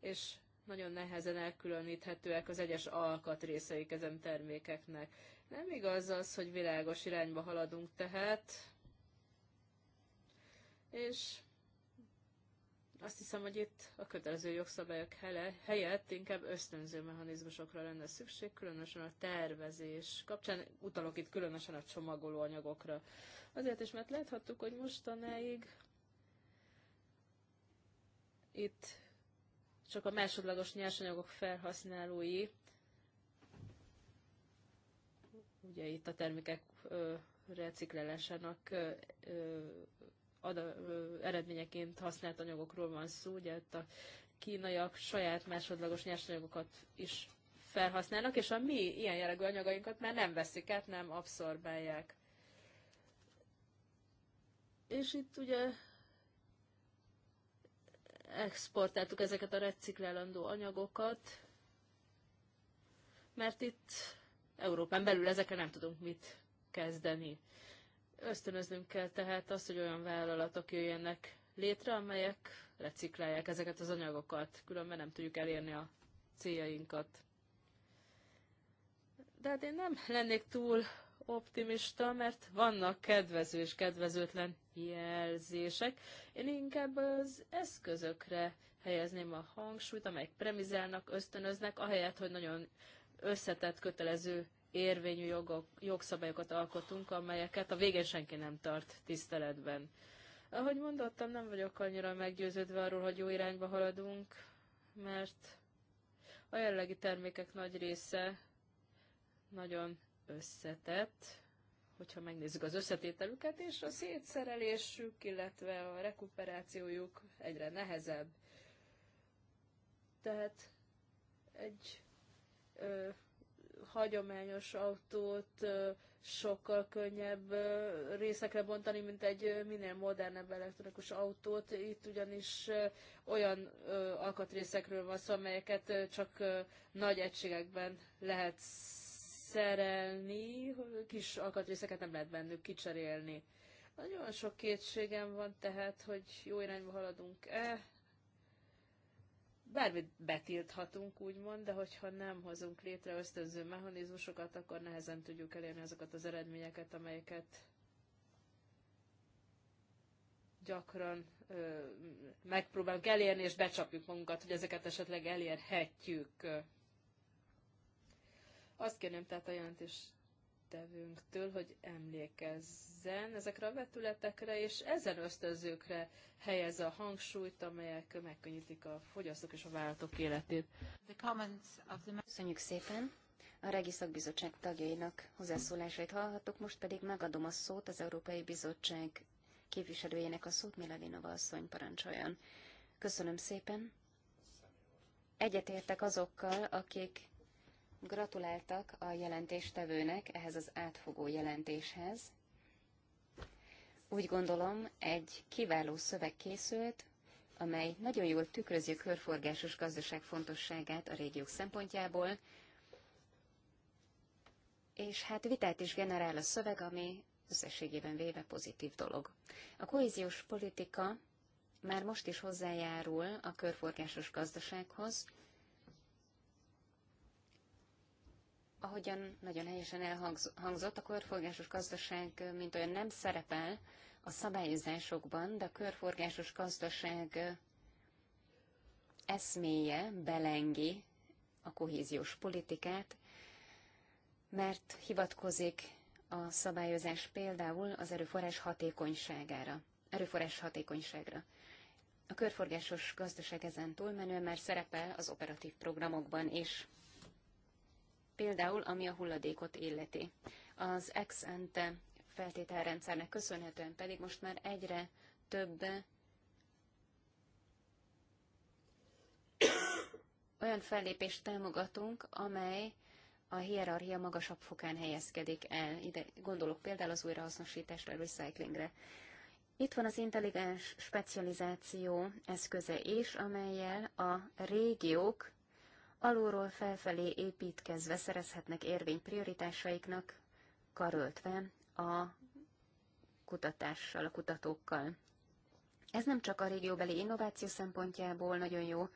S4: és nagyon nehezen elkülöníthetőek az egyes alkatrészeik ezen termékeknek. Nem igaz az, hogy világos irányba haladunk tehát, és azt hiszem, hogy itt a kötelező jogszabályok hele, helyett inkább ösztönző mechanizmusokra lenne szükség, különösen a tervezés kapcsán, utalok itt különösen a csomagolóanyagokra. Azért is, mert láthattuk, hogy mostanáig itt csak a másodlagos nyersanyagok felhasználói, ugye itt a termékek reciklálásának eredményeként használt anyagokról van szó, ugye itt a kínaiak saját másodlagos nyersanyagokat is felhasználnak, és a mi ilyen jellegű anyagainkat már nem veszik át, nem abszorbálják. És itt ugye exportáltuk ezeket a reciklálandó anyagokat, mert itt Európán belül ezekkel nem tudunk mit kezdeni. Ösztönöznünk kell tehát azt, hogy olyan vállalatok jöjjenek létre, amelyek reciklálják ezeket az anyagokat, különben nem tudjuk elérni a céljainkat. De hát én nem lennék túl optimista, mert vannak kedvező és kedvezőtlen jelzések. Én inkább az eszközökre helyezném a hangsúlyt, amelyek premizálnak, ösztönöznek, ahelyett, hogy nagyon összetett, kötelező érvényű jogok, jogszabályokat alkotunk, amelyeket a végén senki nem tart tiszteletben. Ahogy mondottam, nem vagyok annyira meggyőződve arról, hogy jó irányba haladunk, mert a jelenlegi termékek nagy része nagyon összetett, hogyha megnézzük az összetételüket, és a szétszerelésük, illetve a rekuperációjuk egyre nehezebb. Tehát egy ö, hagyományos autót ö, sokkal könnyebb ö, részekre bontani, mint egy ö, minél modernebb elektronikus autót. Itt ugyanis ö, olyan ö, alkatrészekről van szó, amelyeket ö, csak ö, nagy egységekben lehet szerelni, kis alkatrészeket nem lehet bennük kicserélni. Nagyon sok kétségem van tehát, hogy jó irányba haladunk-e. Bármit betilthatunk, úgymond, de hogyha nem hozunk létre ösztönző mechanizmusokat, akkor nehezen tudjuk elérni azokat az eredményeket, amelyeket gyakran ö, megpróbálunk elérni, és becsapjuk magunkat, hogy ezeket esetleg elérhetjük. Azt kérném tehát a jelentéstevőnktől, hogy emlékezzen ezekre a vetületekre, és ezen ösztönzőkre helyez a hangsúlyt, amelyek megkönnyítik a fogyasztók és a vállalatok életét.
S3: Köszönjük szépen! A Regi Szakbizottság tagjainak hozzászólásait hallhattuk, most pedig megadom a szót az Európai Bizottság képviselőjének a szót, Miladinova asszony parancsoljon. Köszönöm szépen. Egyetértek azokkal, akik gratuláltak a jelentéstevőnek ehhez az átfogó jelentéshez. Úgy gondolom, egy kiváló szöveg készült, amely nagyon jól tükrözi a körforgásos gazdaság fontosságát a régiók szempontjából, és hát vitát is generál a szöveg, ami összességében véve pozitív dolog. A kohéziós politika már most is hozzájárul a körforgásos gazdasághoz, ahogyan nagyon helyesen elhangzott, a körforgásos gazdaság mint olyan nem szerepel a szabályozásokban, de a körforgásos gazdaság eszméje belengi a kohéziós politikát, mert hivatkozik a szabályozás például az erőforrás hatékonyságára, erőforrás hatékonyságra. A körforgásos gazdaság ezen túlmenően már szerepel az operatív programokban is például ami a hulladékot illeti. Az ex ante feltételrendszernek köszönhetően pedig most már egyre több olyan fellépést támogatunk, amely a hierarchia magasabb fokán helyezkedik el. Ide gondolok például az újrahasznosításra, recyclingre. Itt van az intelligens specializáció eszköze is, amelyel a régiók alulról felfelé építkezve szerezhetnek érvény prioritásaiknak, karöltve a kutatással, a kutatókkal. Ez nem csak a régióbeli innováció szempontjából nagyon jó,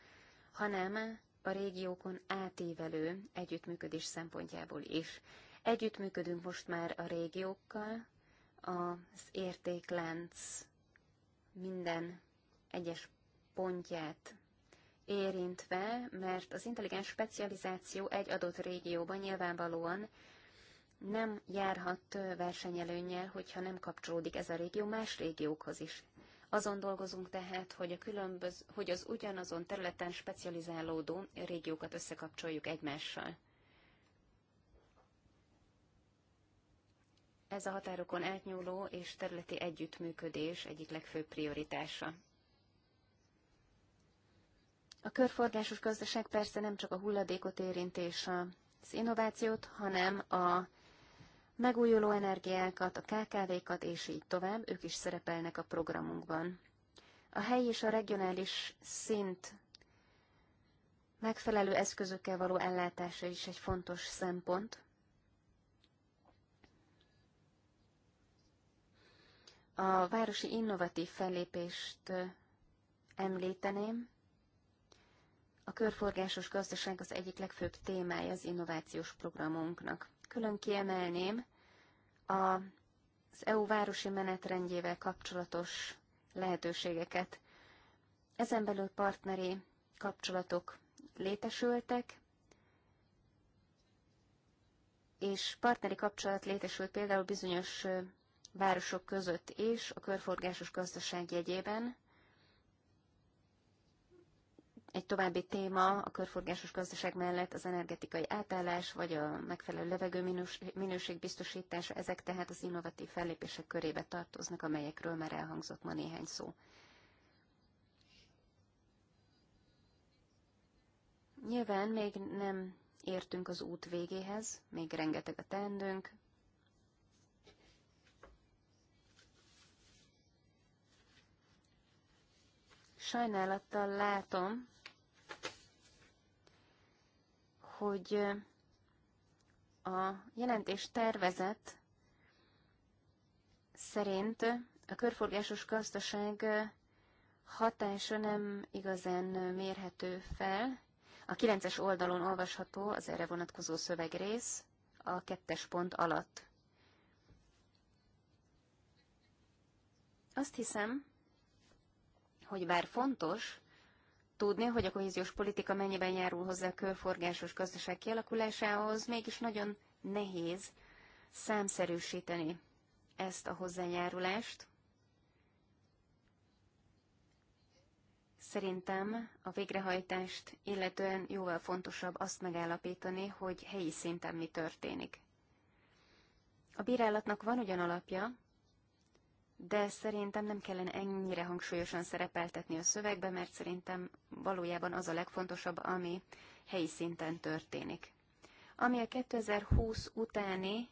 S3: hanem a régiókon átívelő együttműködés szempontjából is. Együttműködünk most már a régiókkal, az értéklánc minden egyes pontját érintve, mert az intelligens specializáció egy adott régióban nyilvánvalóan nem járhat versenyelőnnyel, hogyha nem kapcsolódik ez a régió más régiókhoz is. Azon dolgozunk tehát, hogy, a különböz, hogy az ugyanazon területen specializálódó régiókat összekapcsoljuk egymással. Ez a határokon átnyúló és területi együttműködés egyik legfőbb prioritása. A körforgásos gazdaság persze nem csak a hulladékot érinti és az innovációt, hanem a megújuló energiákat, a KKV-kat és így tovább, ők is szerepelnek a programunkban. A helyi és a regionális szint megfelelő eszközökkel való ellátása is egy fontos szempont. A városi innovatív fellépést említeném, a körforgásos gazdaság az egyik legfőbb témája az innovációs programunknak. Külön kiemelném az EU városi menetrendjével kapcsolatos lehetőségeket. Ezen belül partneri kapcsolatok létesültek, és partneri kapcsolat létesült például bizonyos városok között és a körforgásos gazdaság jegyében, egy további téma a körforgásos gazdaság mellett az energetikai átállás, vagy a megfelelő levegő minőség biztosítása, ezek tehát az innovatív fellépések körébe tartoznak, amelyekről már elhangzott ma néhány szó. Nyilván még nem értünk az út végéhez, még rengeteg a teendőnk. Sajnálattal látom, hogy a jelentés tervezet szerint a körforgásos gazdaság hatása nem igazán mérhető fel. A 9-es oldalon olvasható az erre vonatkozó szövegrész a kettes pont alatt. Azt hiszem, hogy bár fontos, tudni, hogy a kohéziós politika mennyiben járul hozzá a körforgásos gazdaság kialakulásához, mégis nagyon nehéz számszerűsíteni ezt a hozzájárulást. Szerintem a végrehajtást illetően jóval fontosabb azt megállapítani, hogy helyi szinten mi történik. A bírálatnak van ugyan alapja, de szerintem nem kellene ennyire hangsúlyosan szerepeltetni a szövegbe, mert szerintem valójában az a legfontosabb, ami helyi szinten történik. Ami a 2020 utáni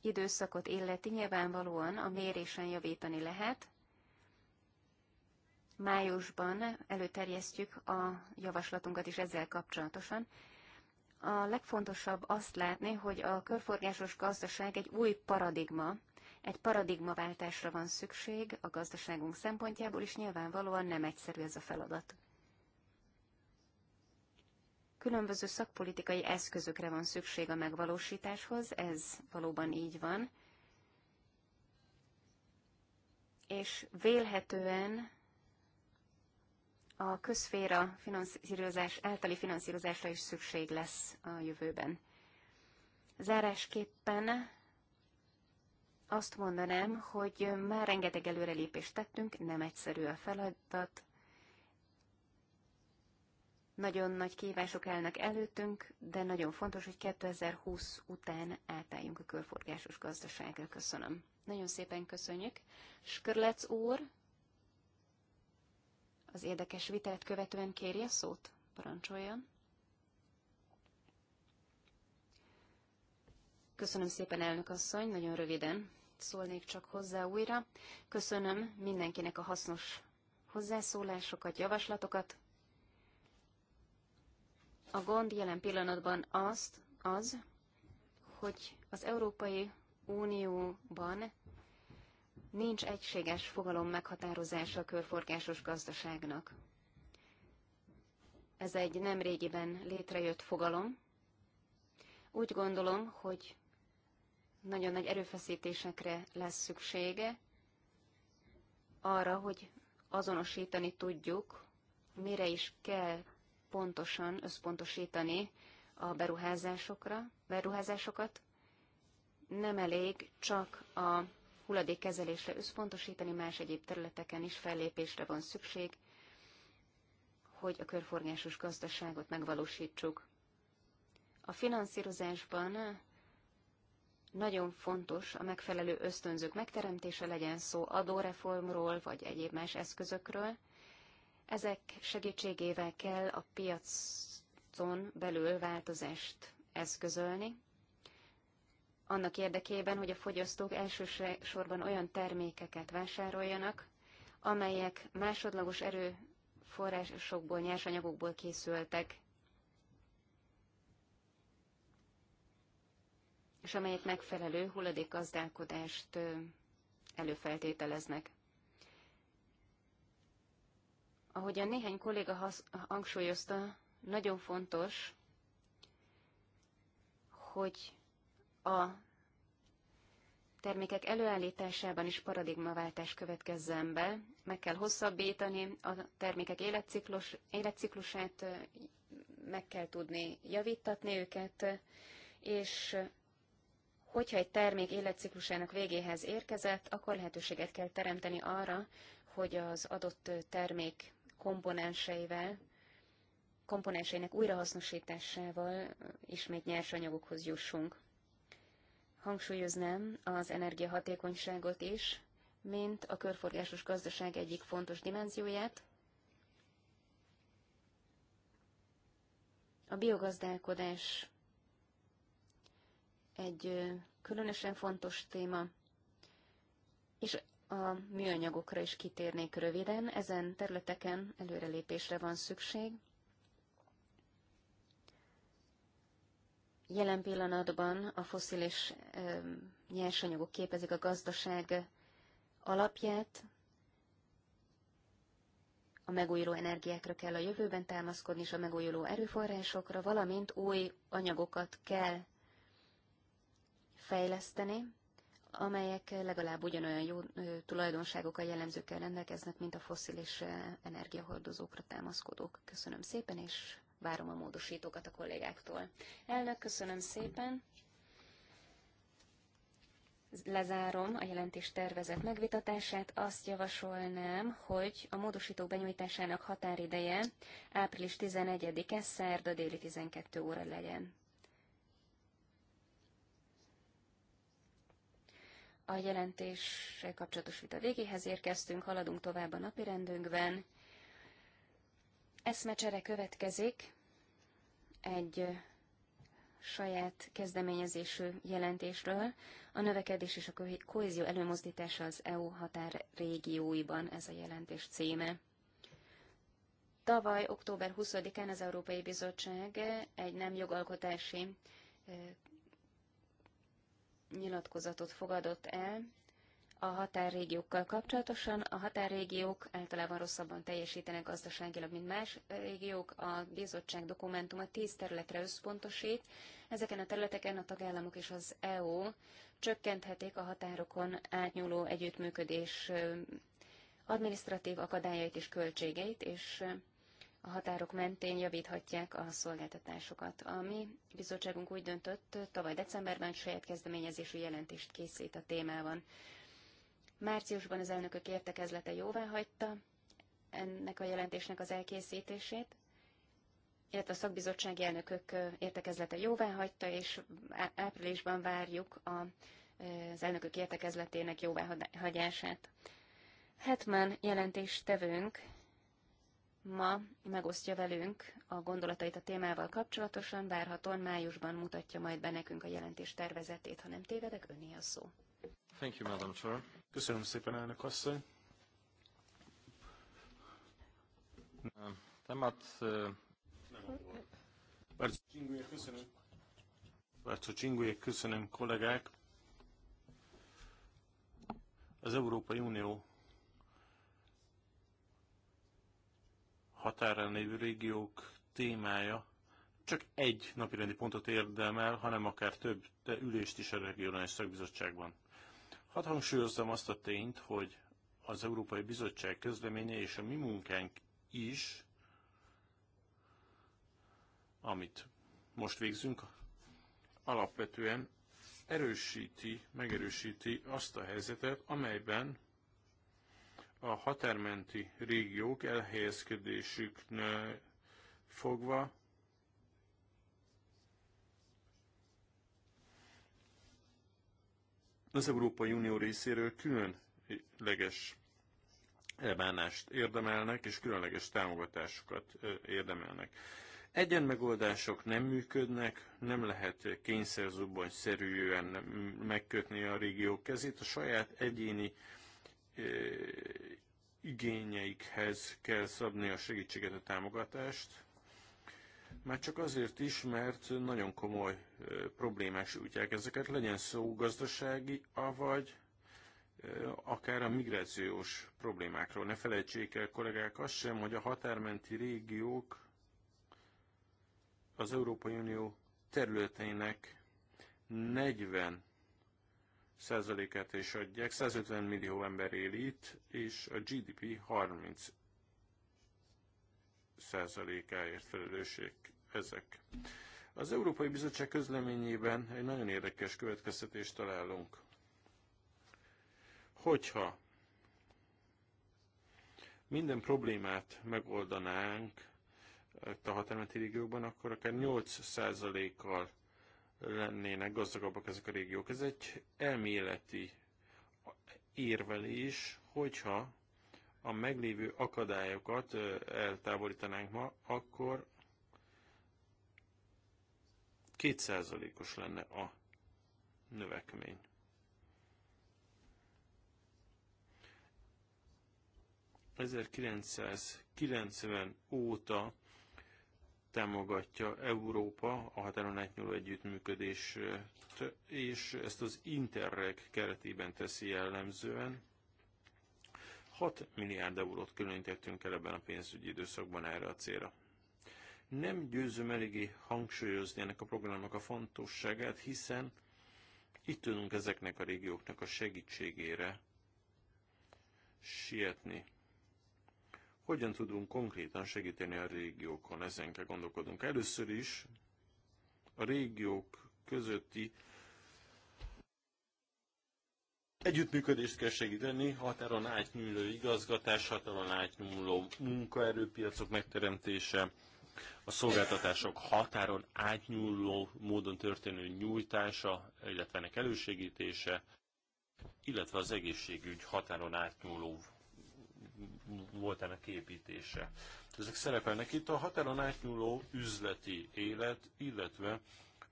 S3: időszakot illeti, nyilvánvalóan a mérésen javítani lehet. Májusban előterjesztjük a javaslatunkat is ezzel kapcsolatosan. A legfontosabb azt látni, hogy a körforgásos gazdaság egy új paradigma, egy paradigmaváltásra van szükség a gazdaságunk szempontjából, is nyilvánvalóan nem egyszerű ez a feladat. Különböző szakpolitikai eszközökre van szükség a megvalósításhoz, ez valóban így van. És vélhetően a közféra finanszírozás, általi finanszírozásra is szükség lesz a jövőben. Zárásképpen azt mondanám, hogy már rengeteg előrelépést tettünk, nem egyszerű a feladat, nagyon nagy kívások állnak előttünk, de nagyon fontos, hogy 2020 után átálljunk a körforgásos gazdaságra. Köszönöm. Nagyon szépen köszönjük. Skörlec úr, az érdekes vitát követően kérje szót? Parancsoljon. Köszönöm szépen, elnök asszony, nagyon röviden szólnék csak hozzá újra. Köszönöm mindenkinek a hasznos hozzászólásokat, javaslatokat. A gond jelen pillanatban azt, az, hogy az Európai Unióban nincs egységes fogalom meghatározása a körforgásos gazdaságnak. Ez egy nem régiben létrejött fogalom. Úgy gondolom, hogy nagyon nagy erőfeszítésekre lesz szüksége, arra, hogy azonosítani tudjuk, mire is kell pontosan összpontosítani a beruházásokra, beruházásokat. Nem elég csak a hulladékkezelésre összpontosítani, más egyéb területeken is fellépésre van szükség, hogy a körforgásos gazdaságot megvalósítsuk. A finanszírozásban nagyon fontos a megfelelő ösztönzők megteremtése, legyen szó adóreformról vagy egyéb más eszközökről. Ezek segítségével kell a piacon belül változást eszközölni, annak érdekében, hogy a fogyasztók elsősorban olyan termékeket vásároljanak, amelyek másodlagos erőforrásokból, nyersanyagokból készültek, és amelyek megfelelő hulladékgazdálkodást előfeltételeznek. Ahogyan néhány kolléga hangsúlyozta, nagyon fontos, hogy a termékek előállításában is paradigmaváltás következzen be, meg kell hosszabbítani a termékek életciklus, életciklusát, meg kell tudni javítatni őket, és hogyha egy termék életciklusának végéhez érkezett, akkor lehetőséget kell teremteni arra, hogy az adott termék komponenseivel, komponenseinek újrahasznosításával ismét nyersanyagokhoz jussunk. Hangsúlyoznám az energiahatékonyságot is, mint a körforgásos gazdaság egyik fontos dimenzióját. A biogazdálkodás egy különösen fontos téma, és a műanyagokra is kitérnék röviden. Ezen területeken előrelépésre van szükség. Jelen pillanatban a foszilis nyersanyagok képezik a gazdaság alapját, a megújuló energiákra kell a jövőben támaszkodni, és a megújuló erőforrásokra, valamint új anyagokat kell fejleszteni, amelyek legalább ugyanolyan jó tulajdonságokkal, jellemzőkkel rendelkeznek, mint a foszilis energiahordozókra támaszkodók. Köszönöm szépen, és várom a módosítókat a kollégáktól. Elnök, köszönöm szépen! lezárom a jelentés tervezett megvitatását, azt javasolnám, hogy a módosítók benyújtásának határideje április 11-e szerda déli 12 óra legyen. A jelentéssel kapcsolatos vita végéhez érkeztünk, haladunk tovább a napirendünkben. Eszmecsere következik egy saját kezdeményezésű jelentésről, a növekedés és a kohézió előmozdítása az EU határ régióiban ez a jelentés címe. Tavaly, október 20-án az Európai Bizottság egy nem jogalkotási nyilatkozatot fogadott el a határrégiókkal kapcsolatosan. A határrégiók általában rosszabban teljesítenek gazdaságilag, mint más régiók. A bizottság dokumentuma tíz területre összpontosít. Ezeken a területeken a tagállamok és az EU csökkenthetik a határokon átnyúló együttműködés administratív akadályait és költségeit, és a határok mentén javíthatják a szolgáltatásokat. A mi bizottságunk úgy döntött tavaly decemberben, hogy saját kezdeményezésű jelentést készít a témában. Márciusban az elnökök értekezlete jóvá hagyta ennek a jelentésnek az elkészítését, illetve a szakbizottsági elnökök értekezlete jóvá hagyta, és áprilisban várjuk az elnökök értekezletének jóváhagyását. Hetman jelentéstevőnk ma megosztja velünk a gondolatait a témával kapcsolatosan, várhatóan májusban mutatja majd be nekünk a jelentés tervezetét, ha nem tévedek, öné a szó.
S2: Thank you, Madam Chair. Köszönöm szépen, elnök asszony. Um, temat... Bárcó uh, Csingulyek, köszönöm. Bárcó köszönöm, kollégák. Az Európai Unió határán lévő régiók témája csak egy napirendi pontot érdemel, hanem akár több de ülést is a regionális szakbizottságban. Hadd hangsúlyozzam azt a tényt, hogy az Európai Bizottság közleménye és a mi munkánk is, amit most végzünk, alapvetően erősíti, megerősíti azt a helyzetet, amelyben a határmenti régiók elhelyezkedésüknél fogva az Európai Unió részéről különleges elbánást érdemelnek, és különleges támogatásokat érdemelnek. Egyen megoldások nem működnek, nem lehet kényszerzubban szerűen megkötni a régiók kezét, a saját egyéni igényeikhez kell szabni a segítséget, a támogatást. Már csak azért is, mert nagyon komoly problémás sújtják ezeket, legyen szó gazdasági, avagy akár a migrációs problémákról. Ne felejtsék el, kollégák, azt sem, hogy a határmenti régiók az Európai Unió területeinek 40 százalékát is adják. 150 millió ember él itt, és a GDP 30 százalékáért felelősség ezek. Az Európai Bizottság közleményében egy nagyon érdekes következtetést találunk. Hogyha minden problémát megoldanánk a határmenti régióban, akkor akár 8%-kal lennének gazdagabbak ezek a régiók. Ez egy elméleti érvelés, hogyha a meglévő akadályokat eltávolítanánk ma, akkor kétszázalékos lenne a növekmény. ...1990 óta támogatja Európa a határon átnyúló együttműködést, és ezt az Interreg keretében teszi jellemzően. 6 milliárd eurót különítettünk el ebben a pénzügyi időszakban erre a célra. Nem győzöm eléggé hangsúlyozni ennek a programnak a fontosságát, hiszen itt tudunk ezeknek a régióknak a segítségére sietni. Hogyan tudunk konkrétan segíteni a régiókon? Ezen kell gondolkodunk. Először is a régiók közötti Együttműködést kell segíteni, határon átnyúló igazgatás, határon átnyúló munkaerőpiacok megteremtése, a szolgáltatások határon átnyúló módon történő nyújtása, illetve ennek elősegítése, illetve az egészségügy határon átnyúló ennek építése. Ezek szerepelnek itt a határon átnyúló üzleti élet, illetve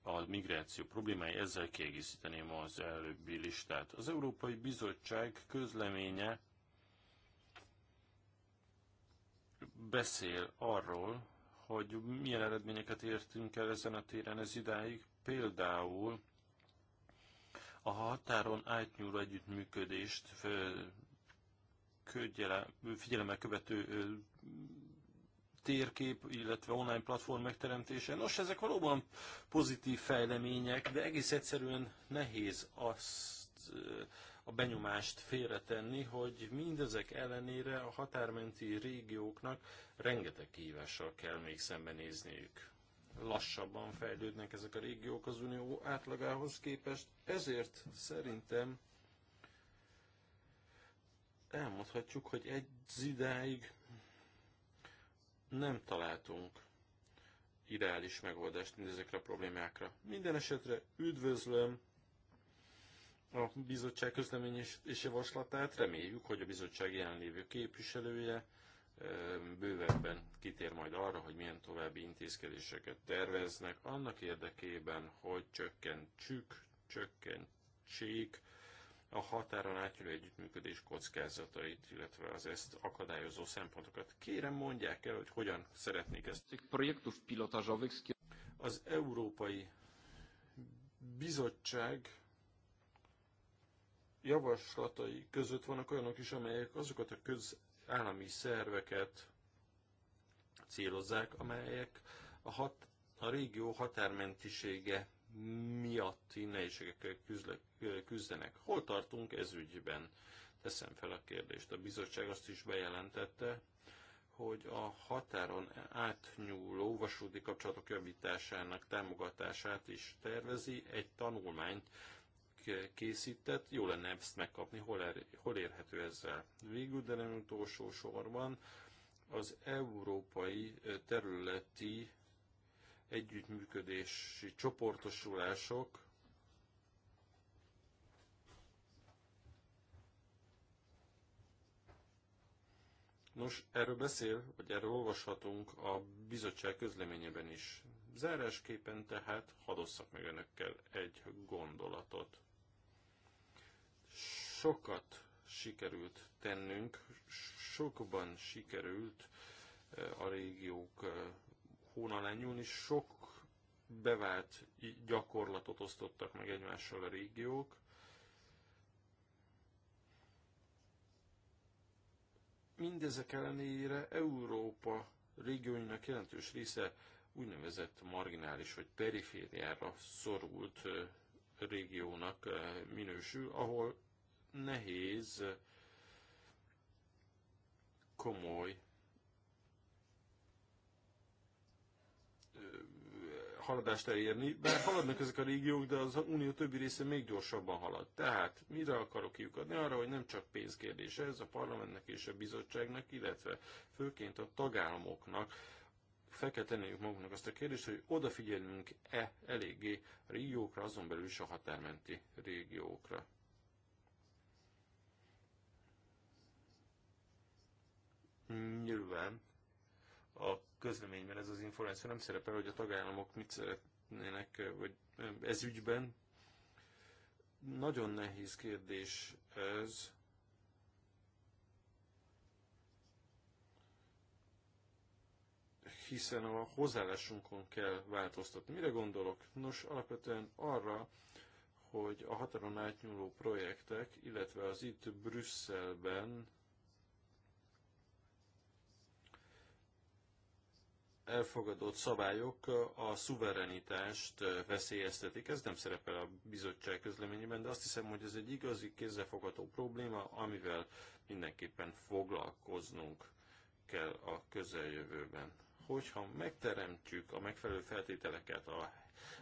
S2: a migráció problémái, ezzel kiegészíteném az előbbi listát. Az Európai Bizottság közleménye beszél arról, hogy milyen eredményeket értünk el ezen a téren ez idáig, például a határon átnyúló együttműködést figyelemmel követő térkép, illetve online platform megteremtése. Nos, ezek valóban pozitív fejlemények, de egész egyszerűen nehéz azt a benyomást félretenni, hogy mindezek ellenére a határmenti régióknak rengeteg kihívással kell még szembenézniük. Lassabban fejlődnek ezek a régiók az unió átlagához képest, ezért szerintem elmondhatjuk, hogy egy idáig nem találtunk ideális megoldást mindezekre a problémákra. Minden esetre üdvözlöm a bizottság közlemény és javaslatát. Reméljük, hogy a bizottság jelenlévő képviselője bővebben kitér majd arra, hogy milyen további intézkedéseket terveznek annak érdekében, hogy csökkentsük, csökkentsék a határon átnyúló együttműködés kockázatait, illetve az ezt akadályozó szempontokat. Kérem mondják el, hogy hogyan szeretnék ezt. Az Európai Bizottság javaslatai között vannak olyanok is, amelyek azokat a közállami szerveket célozzák, amelyek a, hat, a régió határmentisége miatti nehézségekkel küzdenek. Hol tartunk ez ügyben? Teszem fel a kérdést. A bizottság azt is bejelentette, hogy a határon átnyúló vasúti kapcsolatok javításának támogatását is tervezi, egy tanulmányt készített, jó lenne ezt megkapni, hol, er, hol érhető ezzel. Végül, de nem utolsó sorban, az európai területi együttműködési csoportosulások, Nos, erről beszél, vagy erről olvashatunk a bizottság közleményében is. Zárásképpen tehát hadosszak meg önökkel egy gondolatot. Sokat sikerült tennünk, sokban sikerült eh, a régiók eh, hón alá nyúlni. Sok bevált gyakorlatot osztottak meg egymással a régiók. Mindezek ellenére Európa régióinak jelentős része úgynevezett marginális vagy perifériára szorult régiónak minősül, ahol nehéz komoly haladást elérni, bár haladnak ezek a régiók, de az unió többi része még gyorsabban halad. Tehát mire akarok kiukadni? Arra, hogy nem csak pénzkérdése, ez a parlamentnek és a bizottságnak, illetve főként a tagállamoknak fel kell tenniük magunknak azt a kérdést, hogy odafigyelünk-e eléggé a régiókra, azon belül is a határmenti régiókra. Nyilván a közleményben ez az információ nem szerepel, hogy a tagállamok mit szeretnének, eh, vagy eh, ez ügyben. Nagyon nehéz kérdés ez. hiszen a hozzáállásunkon kell változtatni. Mire gondolok? Nos, alapvetően arra, hogy a határon átnyúló projektek, illetve az itt Brüsszelben elfogadott szabályok a szuverenitást veszélyeztetik. Ez nem szerepel a bizottság közleményében, de azt hiszem, hogy ez egy igazi kézzelfogható probléma, amivel mindenképpen foglalkoznunk kell a közeljövőben. Hogyha megteremtjük a megfelelő feltételeket a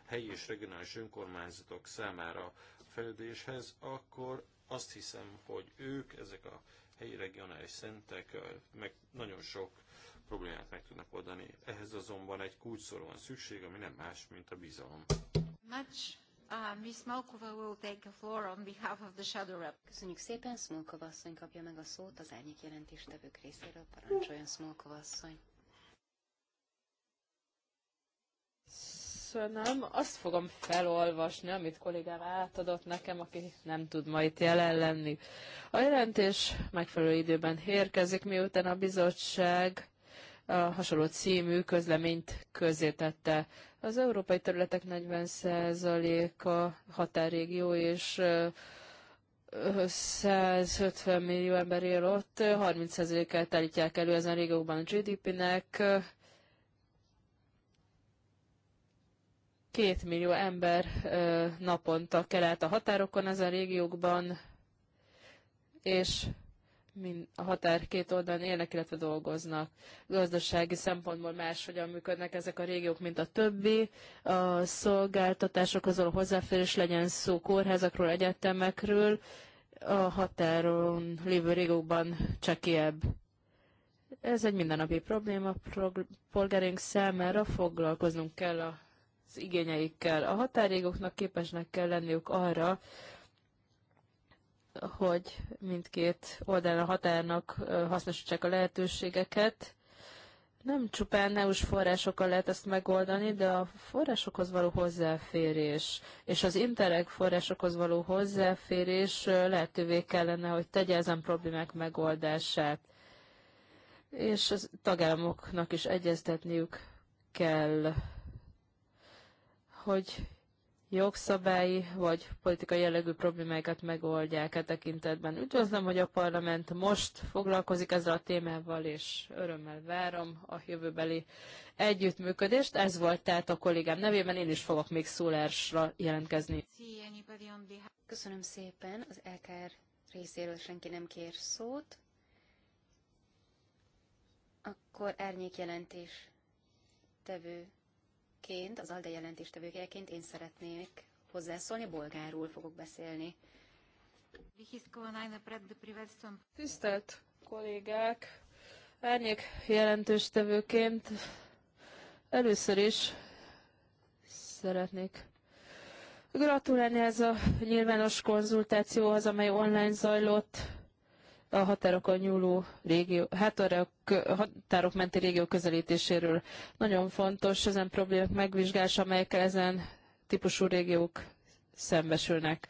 S2: helyi és regionális önkormányzatok számára a fejlődéshez, akkor azt hiszem, hogy ők, ezek a helyi regionális szentek meg nagyon sok problémát meg tudnak oldani. Ehhez azonban egy kulcsszor van szükség, ami nem más, mint a bizalom.
S3: Much. Uh, Ms. will take the floor on behalf of the shadow Köszönjük szépen, Smolkova asszony kapja meg a szót az árnyék jelentéstevők részéről. Parancsoljon, Smolkova asszony.
S4: Köszönöm. Azt fogom felolvasni, amit kollégám átadott nekem, aki nem tud ma itt jelen lenni. A jelentés megfelelő időben érkezik, miután a bizottság a hasonló című közleményt közzétette. Az európai területek 40%-a határrégió és 150 millió ember él ott, 30%-át állítják elő ezen régiókban a GDP-nek, két millió ember naponta kell át a határokon ezen régiókban, és mind a határ két oldalán élnek, illetve dolgoznak. Gazdasági szempontból máshogyan működnek ezek a régiók, mint a többi. A szolgáltatásokhoz való hozzáférés legyen szó kórházakról, egyetemekről, a határon lévő régiókban csekélyebb. Ez egy mindennapi probléma polgáraink számára, foglalkoznunk kell a igényeikkel. A határégoknak képesnek kell lenniük arra, hogy mindkét oldalán a határnak hasznosítsák a lehetőségeket. Nem csupán neus forrásokkal lehet ezt megoldani, de a forrásokhoz való hozzáférés és az interreg forrásokhoz való hozzáférés lehetővé kellene, hogy tegye ezen problémák megoldását. És a tagállamoknak is egyeztetniük kell hogy jogszabályi vagy politikai jellegű problémákat megoldják e tekintetben. Üdvözlöm, hogy a parlament most foglalkozik ezzel a témával, és örömmel várom a jövőbeli együttműködést. Ez volt tehát a kollégám nevében, én is fogok még szólásra jelentkezni.
S3: Köszönöm szépen, az LKR részéről senki nem kér szót. Akkor árnyék jelentés tevő jelentéstevőként, az ALDE jelentéstevőként én szeretnék hozzászólni, bolgárul fogok beszélni. Tisztelt kollégák!
S4: Árnyék jelentéstevőként először is szeretnék gratulálni ez a nyilvános konzultációhoz, amely online zajlott a határokon nyúló régió, hát a határok menti régió közelítéséről. Nagyon fontos ezen problémák megvizsgálása, amelyekkel ezen típusú régiók szembesülnek.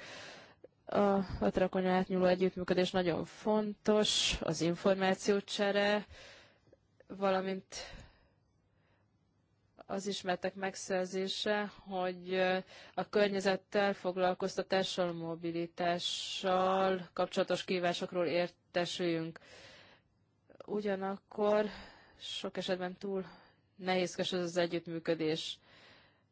S4: A határokon átnyúló együttműködés nagyon fontos, az információcsere, valamint az ismertek megszerzése, hogy a környezettel, foglalkoztatással, mobilitással kapcsolatos kívásokról értesüljünk. Ugyanakkor sok esetben túl nehézkes az az együttműködés.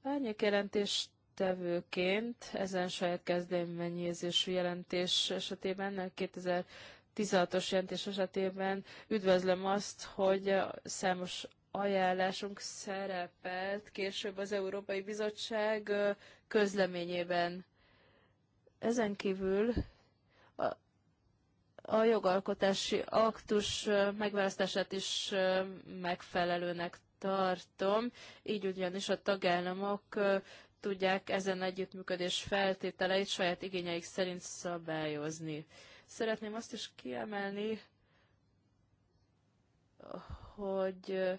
S4: Árnyék jelentés tevőként ezen saját kezdeményezésű jelentés esetében 2016-os jelentés esetében üdvözlöm azt, hogy számos ajánlásunk szerepelt később az Európai Bizottság közleményében. Ezen kívül a, a jogalkotási aktus megválasztását is megfelelőnek tartom, így ugyanis a tagállamok tudják ezen együttműködés feltételeit saját igényeik szerint szabályozni. Szeretném azt is kiemelni, hogy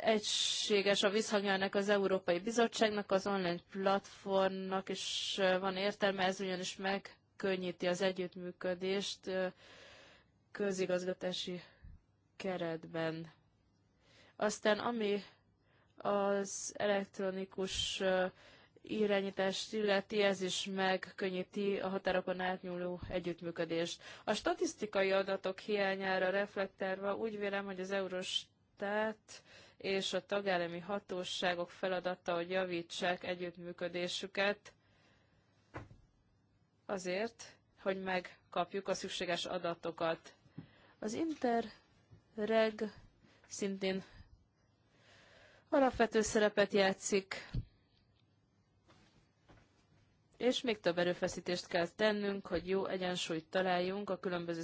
S4: egységes a ennek az Európai Bizottságnak, az online platformnak is van értelme, ez ugyanis megkönnyíti az együttműködést közigazgatási keretben. Aztán ami az elektronikus irányítást illeti, ez is megkönnyíti a határokon átnyúló együttműködést. A statisztikai adatok hiányára reflektálva úgy vélem, hogy az Eurostat és a tagállami hatóságok feladata, hogy javítsák együttműködésüket azért, hogy megkapjuk a szükséges adatokat. Az Interreg szintén alapvető szerepet játszik, és még több erőfeszítést kell tennünk, hogy jó egyensúlyt találjunk a különböző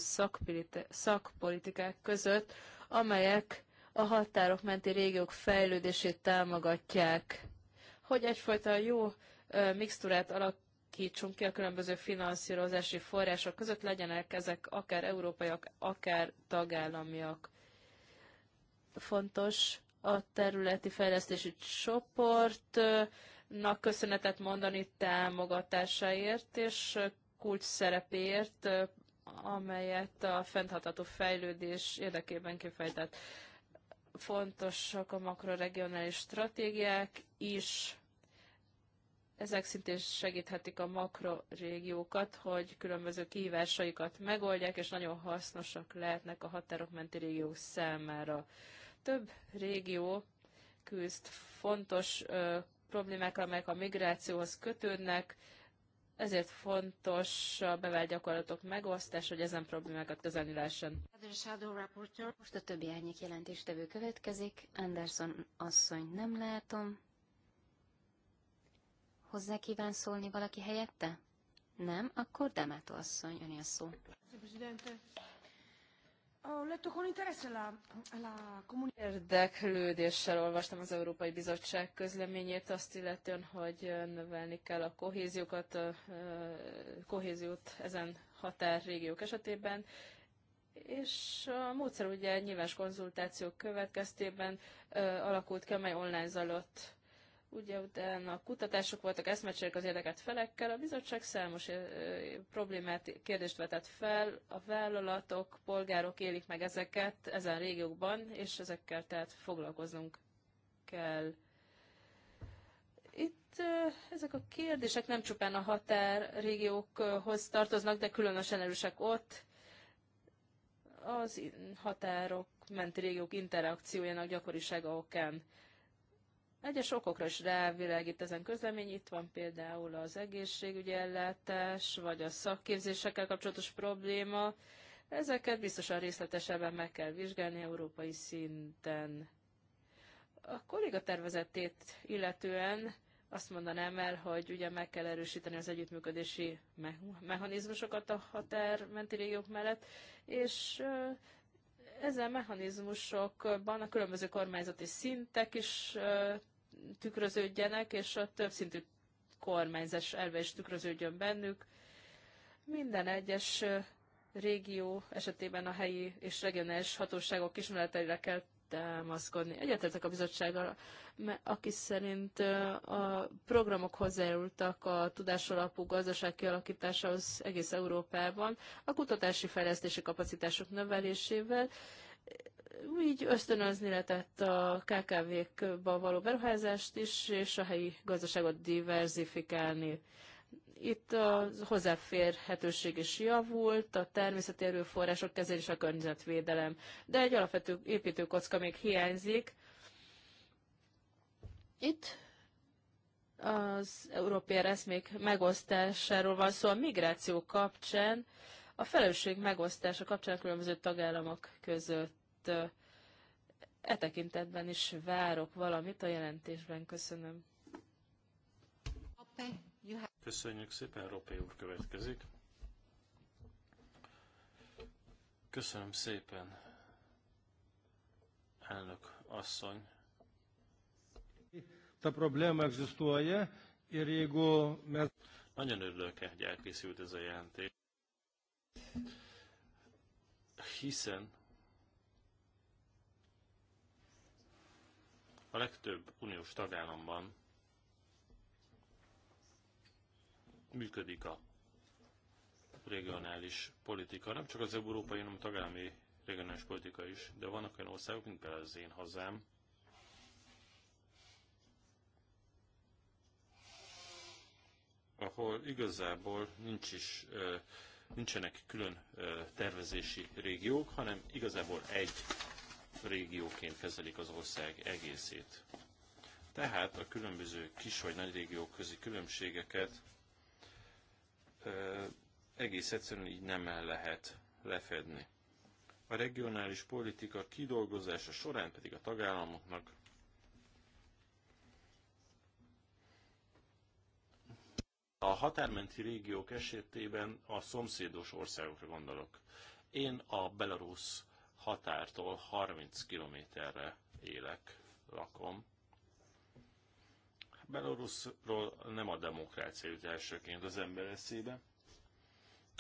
S4: szakpolitikák között, amelyek a határok menti régiók fejlődését támogatják, hogy egyfajta jó mixturát alakítsunk ki a különböző finanszírozási források között, legyenek ezek akár európaiak, akár tagállamiak. Fontos a területi fejlesztési csoportnak köszönetet mondani támogatásáért és kulcs szerepéért, amelyet a fenntartható fejlődés érdekében kifejtett fontosak a makroregionális stratégiák is. Ezek szintén segíthetik a makrorégiókat, hogy különböző kihívásaikat megoldják, és nagyon hasznosak lehetnek a határok menti régiók számára. Több régió küzd fontos ö, problémákkal, amelyek a migrációhoz kötődnek, ezért fontos a bevált gyakorlatok megosztás, hogy ezen problémákat kezelni lehessen.
S3: Most a többi árnyék jelentéstevő következik. Anderson asszony nem látom. Hozzá kíván szólni valaki helyette? Nem? Akkor Demeto asszony, öné a szó. Érdeklődéssel olvastam az Európai
S4: Bizottság közleményét, azt illetően, hogy növelni kell a kohéziókat, a kohéziót ezen határrégiók esetében, és a módszer ugye nyilvános konzultációk következtében alakult ki, amely online zajlott Ugye utána a kutatások voltak, eszmecserék az érdeket felekkel, a bizottság számos problémát, kérdést vetett fel, a vállalatok, polgárok élik meg ezeket ezen régiókban, és ezekkel tehát foglalkoznunk kell. Itt ezek a kérdések nem csupán a határ régiókhoz tartoznak, de különösen erősek ott, az határok menti régiók interakciójának gyakorisága okán. Egyes okokra is rávilágít ezen közlemény, itt van például az egészségügyi ellátás, vagy a szakképzésekkel kapcsolatos probléma. Ezeket biztosan részletesebben meg kell vizsgálni európai szinten. A kolléga tervezetét illetően azt mondanám el, hogy ugye meg kell erősíteni az együttműködési mechanizmusokat a határmenti régiók mellett, és ezen mechanizmusokban a különböző kormányzati szintek is tükröződjenek, és a többszintű kormányzás elve is tükröződjön bennük. Minden egyes régió esetében a helyi és regionális hatóságok ismereteire kell támaszkodni. Egyetértek a bizottsággal, mert aki szerint a programok hozzájárultak a tudásalapú gazdaság kialakításához egész Európában, a kutatási fejlesztési kapacitások növelésével, így ösztönözni lehetett a KKV-kba való beruházást is, és a helyi gazdaságot diversifikálni. Itt a hozzáférhetőség is javult, a természeti erőforrások kezelés, a környezetvédelem, de egy alapvető építőkocka még hiányzik. Itt az európai eszmék megosztásáról van szó a migráció kapcsán, a felelősség megosztása kapcsán a különböző tagállamok között. E tekintetben is várok valamit a jelentésben. Köszönöm. Okay.
S2: Köszönjük szépen, Ropé úr következik. Köszönöm szépen, elnök asszony. A probléma existuje, és jeigu Nagyon örülök, hogy elkészült ez a jelentés, hiszen a legtöbb uniós tagállamban működik a regionális politika, nem csak az európai, hanem a tagállami regionális politika is, de vannak olyan országok, mint például az én hazám, ahol igazából nincs is, nincsenek külön tervezési régiók, hanem igazából egy régióként kezelik az ország egészét. Tehát a különböző kis vagy nagy régiók közi különbségeket egész egyszerűen így nem el lehet lefedni. A regionális politika kidolgozása során pedig a tagállamoknak A határmenti régiók esetében a szomszédos országokra gondolok. Én a belarusz határtól 30 kilométerre élek, lakom. Belarusról nem a demokrácia jut elsőként az ember eszébe,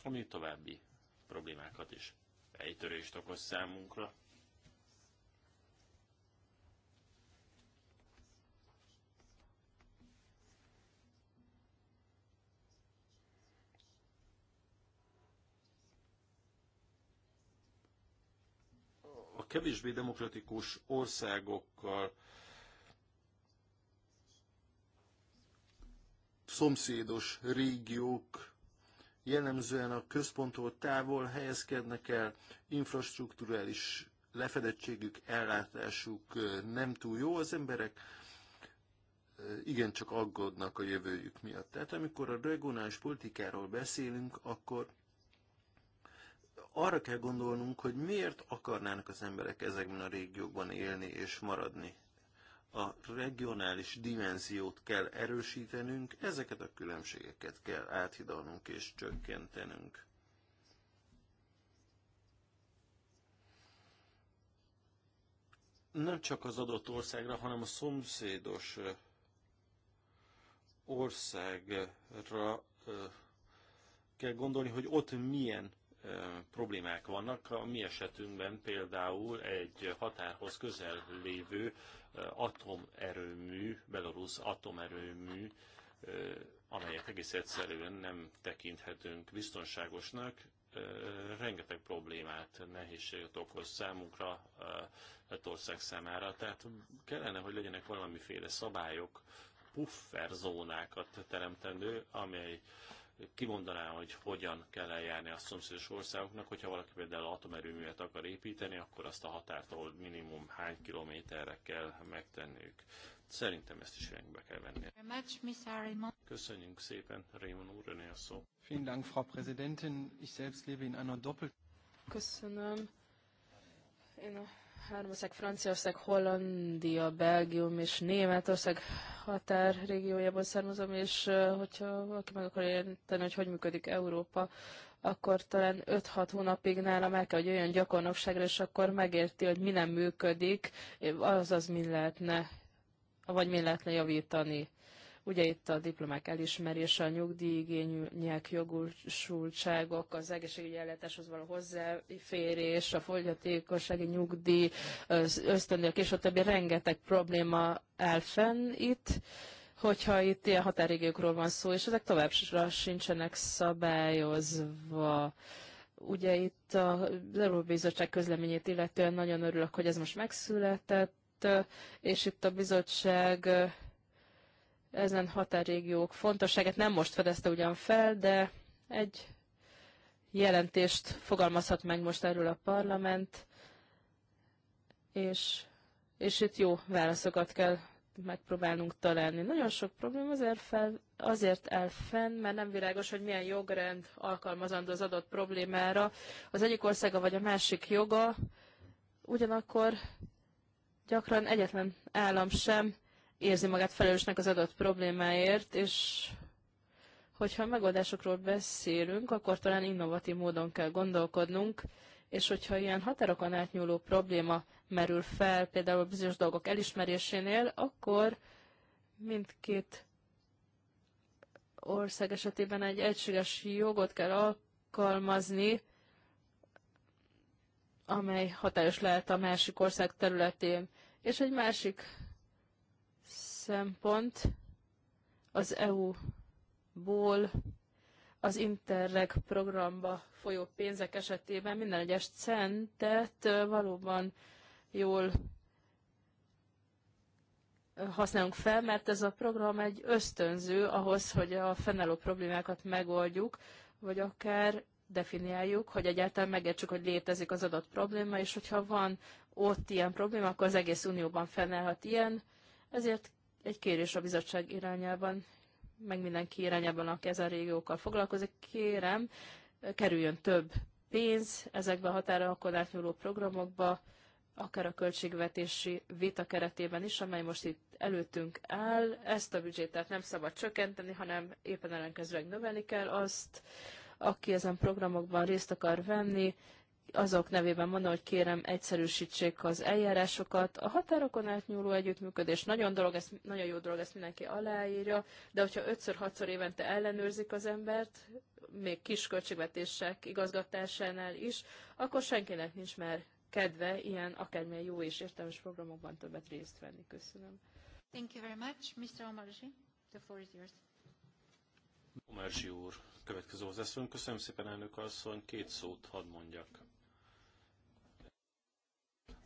S2: ami további problémákat is fejtörést okoz számunkra. kevésbé demokratikus országokkal szomszédos régiók jellemzően a központtól távol helyezkednek el, infrastruktúrális lefedettségük, ellátásuk nem túl jó az emberek, igencsak aggódnak a jövőjük miatt. Tehát amikor a regionális politikáról beszélünk, akkor arra kell gondolnunk, hogy miért akarnának az emberek ezekben a régiókban élni és maradni a regionális dimenziót kell erősítenünk, ezeket a különbségeket kell áthidalnunk és csökkentenünk. Nem csak az adott országra, hanem a szomszédos országra kell gondolni, hogy ott milyen problémák vannak. A mi esetünkben például egy határhoz közel lévő atomerőmű, belorusz atomerőmű, amelyet egész egyszerűen nem tekinthetünk biztonságosnak, rengeteg problémát, nehézséget okoz számunkra, Lettország számára. Tehát kellene, hogy legyenek valamiféle szabályok, pufferzónákat teremtendő, amely kimondaná, hogy hogyan kell eljárni a szomszédos országoknak, hogyha valaki például atomerőművet akar építeni, akkor azt a határt, ahol minimum hány kilométerre kell megtenniük. Szerintem ezt is be kell venni. Köszönjük szépen, Raymond úr, a szó.
S1: Dank, Frau Präsidentin. Ich selbst lebe in einer Doppel...
S4: Köszönöm. Én a Háromország, Franciaország, Hollandia, Belgium és Németország határrégiójából származom, és hogyha valaki meg akar érteni, hogy hogy működik Európa, akkor talán 5-6 hónapig nálam el kell, hogy olyan gyakornokságra, és akkor megérti, hogy mi nem működik, azaz mi lehetne, vagy mi lehetne javítani. Ugye itt a diplomák elismerése, a nyugdíjigények, jogosultságok, az egészségügyi ellátáshoz való hozzáférés, a fogyatékossági nyugdíj, ösztöndök és a többi rengeteg probléma áll fenn itt hogyha itt ilyen határigékről van szó, és ezek továbbra sincsenek szabályozva. Ugye itt a Bizottság közleményét illetően nagyon örülök, hogy ez most megszületett, és itt a bizottság ezen határrégiók fontosságát nem most fedezte ugyan fel, de egy jelentést fogalmazhat meg most erről a parlament, és, és itt jó válaszokat kell megpróbálnunk találni. Nagyon sok probléma azért, fel, azért el fenn, mert nem világos, hogy milyen jogrend alkalmazandó az adott problémára. Az egyik országa vagy a másik joga, ugyanakkor gyakran egyetlen állam sem érzi magát felelősnek az adott problémáért, és hogyha megoldásokról beszélünk, akkor talán innovatív módon kell gondolkodnunk, és hogyha ilyen határokon átnyúló probléma merül fel, például bizonyos dolgok elismerésénél, akkor mindkét ország esetében egy egységes jogot kell alkalmazni, amely hatályos lehet a másik ország területén. És egy másik szempont az EU-ból az Interreg programba folyó pénzek esetében minden egyes centet valóban jól használunk fel, mert ez a program egy ösztönző ahhoz, hogy a fennálló problémákat megoldjuk, vagy akár definiáljuk, hogy egyáltalán megértsük, hogy létezik az adott probléma, és hogyha van ott ilyen probléma, akkor az egész unióban fennállhat ilyen. Ezért egy kérés a bizottság irányában, meg mindenki irányában, aki ezen régiókkal foglalkozik, kérem, kerüljön több pénz ezekbe a határokon átnyúló programokba, akár a költségvetési vita keretében is, amely most itt előttünk áll. Ezt a büdzsétet nem szabad csökkenteni, hanem éppen ellenkezőleg növelni kell azt, aki ezen programokban részt akar venni, azok nevében mondom, hogy kérem egyszerűsítsék az eljárásokat. A határokon átnyúló együttműködés nagyon, dolog, ez, nagyon jó dolog, ezt mindenki aláírja, de hogyha 5-6-szor évente ellenőrzik az embert, még kis költségvetések igazgatásánál is, akkor senkinek nincs már kedve ilyen akármilyen jó és értelmes programokban többet részt venni. Köszönöm. Thank
S1: you very much. Mr. Omarzi, the floor is yours.
S2: Omarzi úr, következő eszünk. Köszönöm szépen, elnök asszony. Két szót hadd mondjak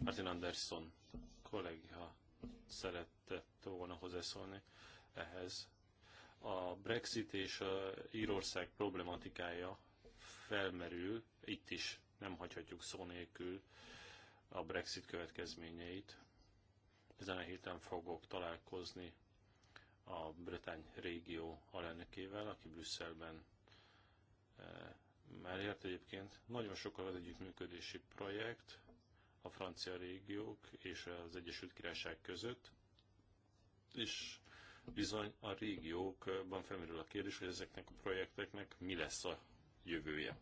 S2: Martin Anderson kollégia szeretett volna hozzászólni ehhez. A Brexit és a Írország problematikája felmerül, itt is nem hagyhatjuk szó nélkül a Brexit következményeit. Ezen a héten fogok találkozni a Bretány régió alelnökével, aki Brüsszelben eh, már ért egyébként. Nagyon sok az együttműködési projekt, a francia régiók és az Egyesült Királyság között, és bizony a régiókban felmerül a kérdés, hogy ezeknek a projekteknek mi lesz a jövője.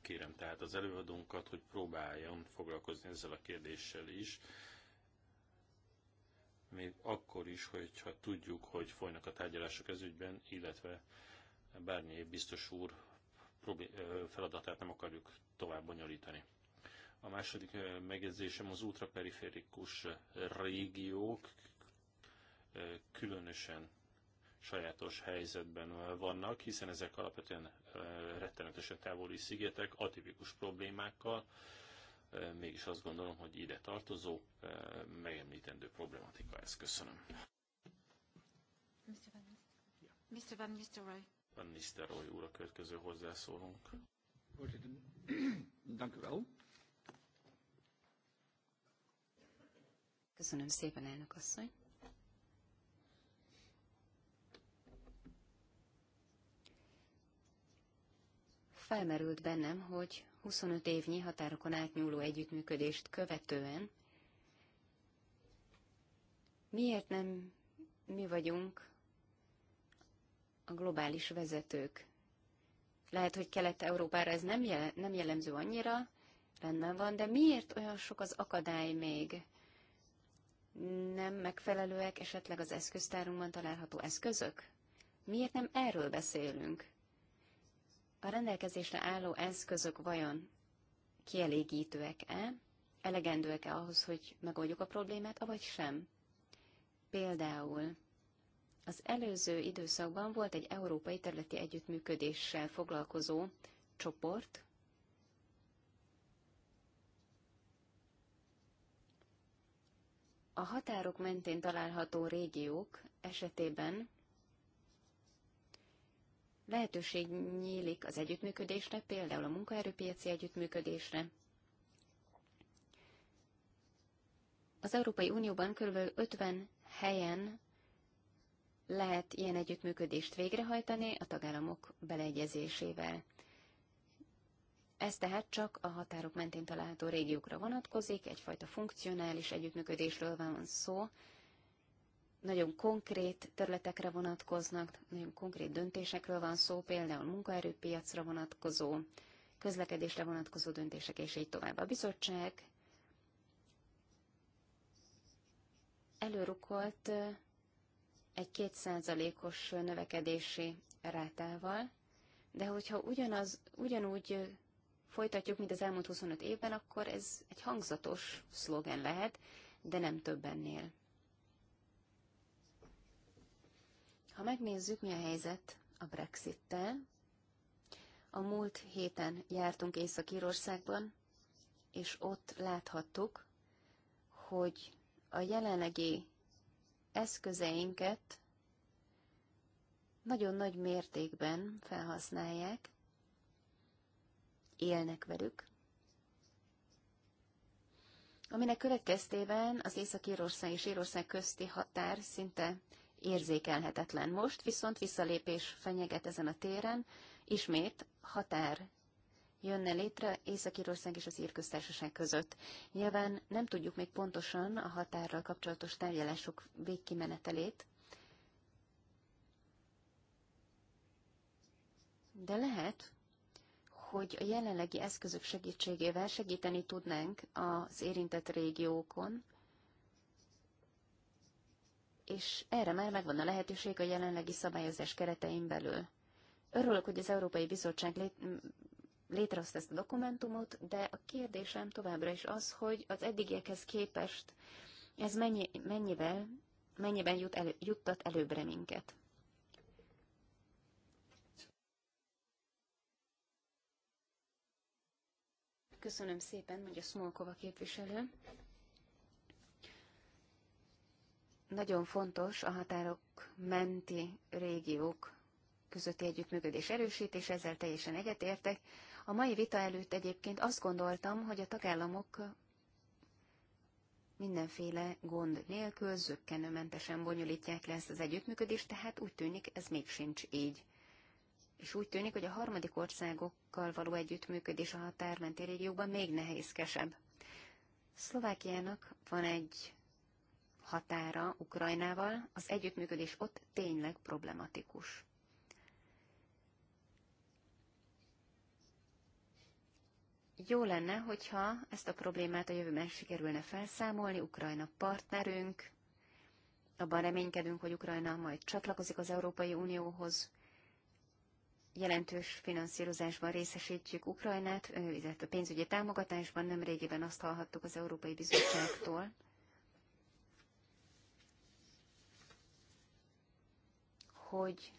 S2: Kérem tehát az előadónkat, hogy próbáljon foglalkozni ezzel a kérdéssel is, még akkor is, hogyha tudjuk, hogy folynak a tárgyalások ez ügyben, illetve bármilyen biztos úr feladatát nem akarjuk tovább bonyolítani. A második megjegyzésem az ultraperiférikus régiók különösen sajátos helyzetben vannak, hiszen ezek alapvetően rettenetesen távoli szigetek, atipikus problémákkal, mégis azt gondolom, hogy ide tartozó, megemlítendő problematika ez. Köszönöm.
S1: Mr. Van Nistelrooy.
S2: Van Nistelrooy úr a következő hozzászólunk.
S3: Köszönöm. Köszönöm szépen, elnök asszony. Felmerült bennem, hogy 25 évnyi határokon átnyúló együttműködést követően miért nem mi vagyunk a globális vezetők. Lehet, hogy Kelet-Európára ez nem, jel- nem jellemző annyira, rendben van, de miért olyan sok az akadály még? nem megfelelőek esetleg az eszköztárunkban található eszközök? Miért nem erről beszélünk? A rendelkezésre álló eszközök vajon kielégítőek-e, elegendőek-e ahhoz, hogy megoldjuk a problémát, avagy sem? Például az előző időszakban volt egy európai területi együttműködéssel foglalkozó csoport, A határok mentén található régiók esetében lehetőség nyílik az együttműködésre, például a munkaerőpiaci együttműködésre. Az Európai Unióban kb. 50 helyen lehet ilyen együttműködést végrehajtani a tagállamok beleegyezésével. Ez tehát csak a határok mentén található régiókra vonatkozik, egyfajta funkcionális együttműködésről van szó, nagyon konkrét területekre vonatkoznak, nagyon konkrét döntésekről van szó, például munkaerőpiacra vonatkozó, közlekedésre vonatkozó döntések, és így tovább. A bizottság előrukolt egy kétszázalékos növekedési rátával, de hogyha ugyanaz, ugyanúgy folytatjuk, mint az elmúlt 25 évben, akkor ez egy hangzatos szlogen lehet, de nem több ennél. Ha megnézzük, mi a helyzet a Brexittel, a múlt héten jártunk Észak-Írországban, és ott láthattuk, hogy a jelenlegi eszközeinket nagyon nagy mértékben felhasználják, élnek velük, aminek következtében az Észak-Írország és Írország közti határ szinte érzékelhetetlen. Most viszont visszalépés fenyeget ezen a téren, ismét határ jönne létre Észak-Írország és az Írköztársaság között. Nyilván nem tudjuk még pontosan a határral kapcsolatos tárgyalások végkimenetelét, de lehet, hogy a jelenlegi eszközök segítségével segíteni tudnánk az érintett régiókon, és erre már megvan a lehetőség a jelenlegi szabályozás keretein belül. Örülök, hogy az Európai Bizottság létrehozta ezt a dokumentumot, de a kérdésem továbbra is az, hogy az eddigiekhez képest ez mennyi, mennyivel, mennyiben jut elő, juttat előbbre minket. Köszönöm szépen, mondja Smolkova képviselő. Nagyon fontos a határok menti régiók közötti együttműködés erősítés, ezzel teljesen egyetértek. A mai vita előtt egyébként azt gondoltam, hogy a tagállamok mindenféle gond nélkül zöggenőmentesen bonyolítják le ezt az együttműködést, tehát úgy tűnik ez még sincs így és úgy tűnik, hogy a harmadik országokkal való együttműködés a határmenti régiókban még nehézkesebb. Szlovákiának van egy határa Ukrajnával, az együttműködés ott tényleg problematikus. Jó lenne, hogyha ezt a problémát a jövőben sikerülne felszámolni, Ukrajna partnerünk, abban reménykedünk, hogy Ukrajna majd csatlakozik az Európai Unióhoz, jelentős finanszírozásban részesítjük Ukrajnát, illetve pénzügyi támogatásban nem régiben azt hallhattuk az Európai Bizottságtól, hogy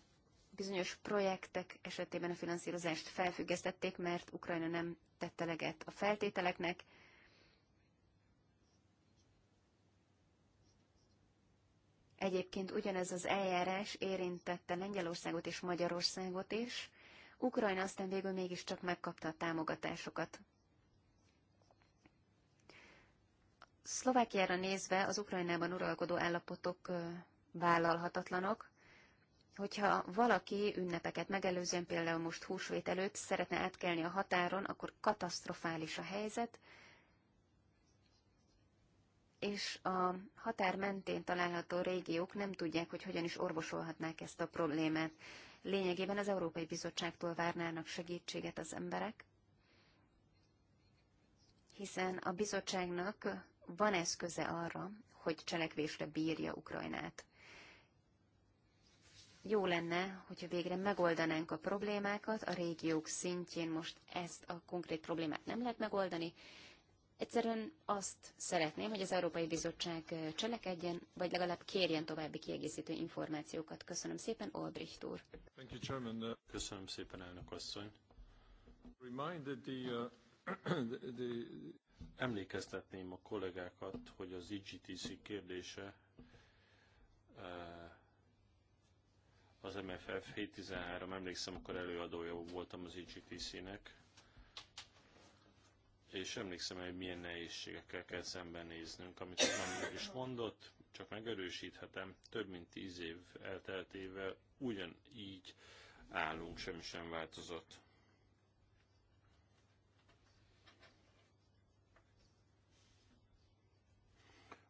S3: bizonyos projektek esetében a finanszírozást felfüggesztették, mert Ukrajna nem tette leget a feltételeknek, Egyébként ugyanez az eljárás érintette Lengyelországot és Magyarországot is. Ukrajna aztán végül mégiscsak megkapta a támogatásokat. Szlovákiára nézve az Ukrajnában uralkodó állapotok vállalhatatlanok. Hogyha valaki ünnepeket megelőzően, például most húsvét előtt szeretne átkelni a határon, akkor katasztrofális a helyzet, és a határ mentén található régiók nem tudják, hogy hogyan is orvosolhatnák ezt a problémát. Lényegében az Európai Bizottságtól várnának segítséget az emberek, hiszen a bizottságnak van eszköze arra, hogy cselekvésre bírja Ukrajnát. Jó lenne, hogyha végre megoldanánk a problémákat, a régiók szintjén most ezt a konkrét problémát nem lehet megoldani, Egyszerűen azt szeretném, hogy az Európai Bizottság cselekedjen, vagy legalább kérjen további kiegészítő információkat. Köszönöm szépen, Olbricht úr.
S2: Uh, Köszönöm szépen, elnök asszony. Uh, Emlékeztetném a kollégákat, hogy az IGTC kérdése uh, az MFF 713, emlékszem, akkor előadója voltam az IGTC-nek, és emlékszem, hogy milyen nehézségekkel kell szembenéznünk, amit nem is mondott, csak megerősíthetem, több mint tíz év elteltével ugyanígy állunk, semmi sem változott.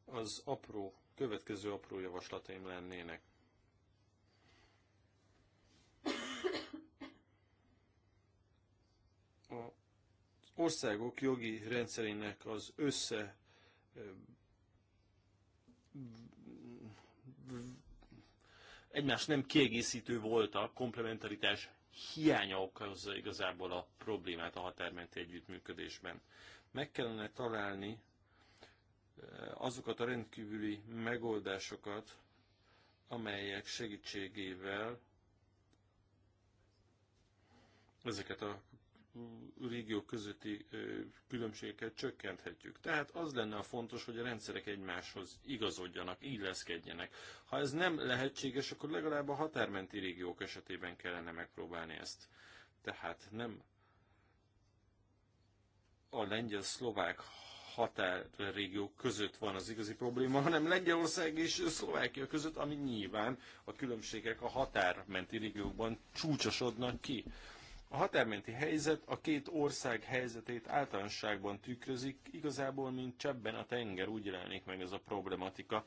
S2: Az apró, következő apró javaslataim lennének. A országok jogi rendszerének az össze egymás nem kiegészítő a komplementaritás hiánya okozza igazából a problémát a határmenti együttműködésben. Meg kellene találni azokat a rendkívüli megoldásokat, amelyek segítségével ezeket a régiók közötti különbségeket csökkenthetjük. Tehát az lenne a fontos, hogy a rendszerek egymáshoz igazodjanak, illeszkedjenek. Ha ez nem lehetséges, akkor legalább a határmenti régiók esetében kellene megpróbálni ezt. Tehát nem a lengyel-szlovák határrégiók között van az igazi probléma, hanem Lengyelország és Szlovákia között, ami nyilván a különbségek a határmenti régiókban csúcsosodnak ki. A határmenti helyzet a két ország helyzetét általánosságban tükrözik, igazából mint csebben a tenger úgy jelenik meg ez a problematika.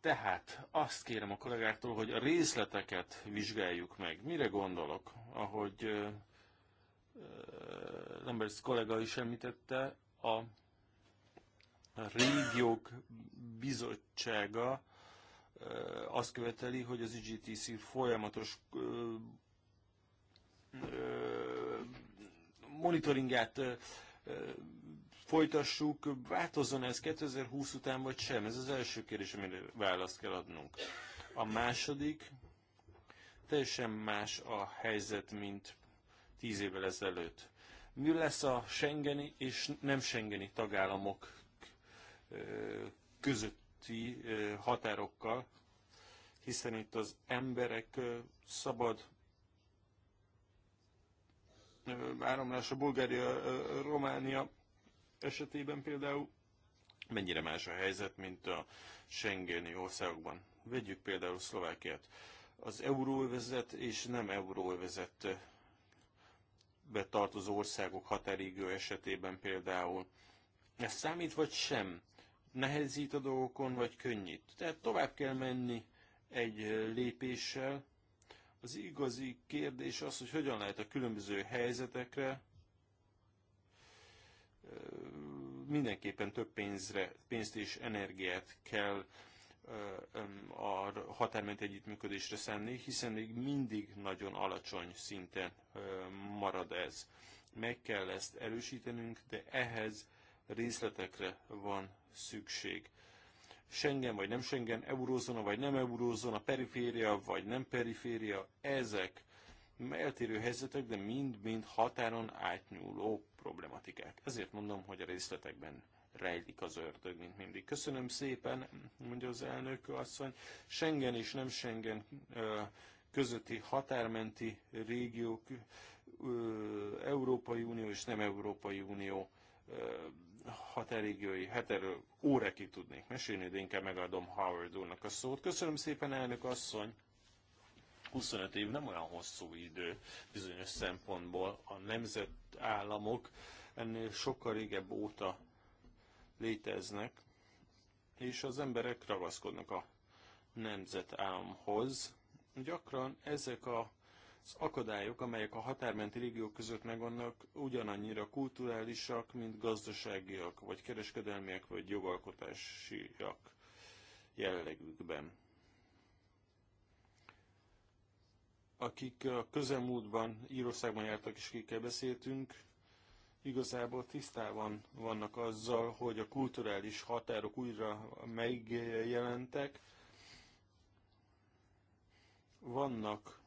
S2: Tehát azt kérem a kollégáktól, hogy a részleteket vizsgáljuk meg. Mire gondolok? Ahogy uh, Lemberts kollega is említette, a régiók bizottsága azt követeli, hogy az IGTC folyamatos monitoringát folytassuk, változzon ez 2020 után vagy sem? Ez az első kérdés, amire választ kell adnunk. A második, teljesen más a helyzet, mint tíz évvel ezelőtt. Mi lesz a Schengeni és nem Schengeni tagállamok között közötti határokkal, hiszen itt az emberek szabad áramlása Bulgária, Románia esetében például mennyire más a helyzet, mint a Schengeni országokban. Vegyük például Szlovákiát. Az euróövezet és nem euróövezet betartozó országok határigő esetében például. Ez számít vagy sem? nehezít a dolgokon, vagy könnyít. Tehát tovább kell menni egy lépéssel. Az igazi kérdés az, hogy hogyan lehet a különböző helyzetekre mindenképpen több pénzre, pénzt és energiát kell a határmenti együttműködésre szenni, hiszen még mindig nagyon alacsony szinten marad ez. Meg kell ezt erősítenünk, de ehhez részletekre van szükség. Schengen vagy nem Schengen, eurózona vagy nem eurózona, periféria vagy nem periféria, ezek eltérő helyzetek, de mind-mind határon átnyúló problematikák. Ezért mondom, hogy a részletekben rejlik az ördög, mint mindig. Köszönöm szépen, mondja az elnök asszony. Schengen és nem Schengen közötti határmenti régiók, Európai Unió és nem Európai Unió hat régiói heterő órekig tudnék mesélni, de inkább megadom Howard úrnak a szót. Köszönöm szépen, elnök asszony! 25 év nem olyan hosszú idő bizonyos szempontból. A nemzetállamok ennél sokkal régebb óta léteznek, és az emberek ragaszkodnak a nemzetállamhoz. Gyakran ezek a az akadályok, amelyek a határmenti régiók között megvannak, ugyanannyira kulturálisak, mint gazdaságiak, vagy kereskedelmiek, vagy jogalkotásiak jellegükben. Akik a közelmúltban Írországban jártak, és akikkel beszéltünk, igazából tisztában vannak azzal, hogy a kulturális határok újra megjelentek. Vannak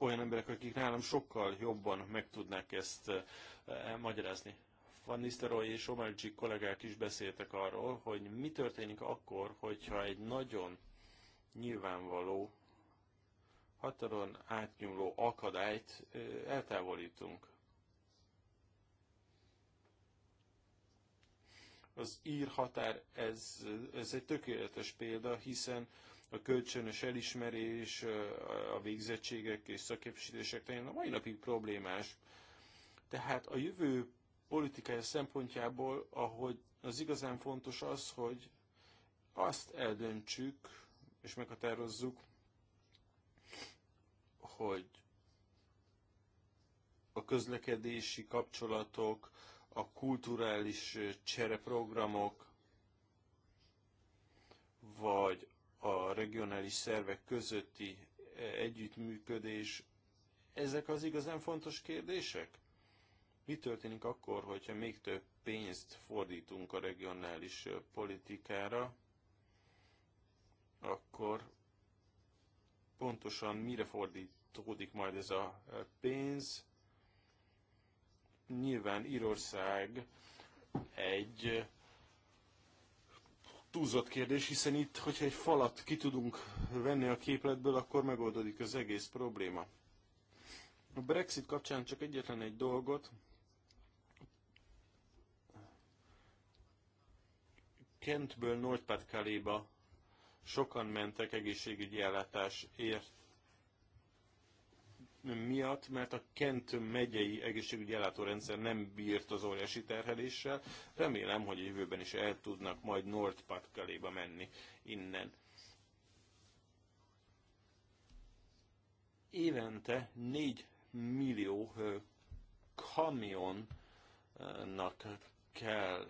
S2: olyan emberek, akik nálam sokkal jobban meg tudnák ezt eh, magyarázni. Van Nisztelrooy és Omergy kollégák is beszéltek arról, hogy mi történik akkor, hogyha egy nagyon nyilvánvaló, határon átnyúló akadályt eh, eltávolítunk. Az ír határ, ez, ez egy tökéletes példa, hiszen a kölcsönös elismerés, a végzettségek és szakképesítések terén a mai napig problémás. Tehát a jövő politikája szempontjából, ahogy az igazán fontos az, hogy azt eldöntsük és meghatározzuk, hogy a közlekedési kapcsolatok, a kulturális csereprogramok, vagy a regionális szervek közötti e, együttműködés, ezek az igazán fontos kérdések? Mi történik akkor, hogyha még több pénzt fordítunk a regionális e, politikára, akkor pontosan mire fordítódik majd ez a e, pénz? Nyilván Írország egy túlzott kérdés, hiszen itt, hogyha egy falat ki tudunk venni a képletből, akkor megoldódik az egész probléma. A Brexit kapcsán csak egyetlen egy dolgot. Kentből Nordpatkaléba sokan mentek egészségügyi ellátásért miatt, mert a Kent megyei egészségügyi ellátórendszer nem bírt az óriási terheléssel. Remélem, hogy a jövőben is el tudnak majd North Nordpatkaléba menni innen. Évente 4 millió kamionnak kell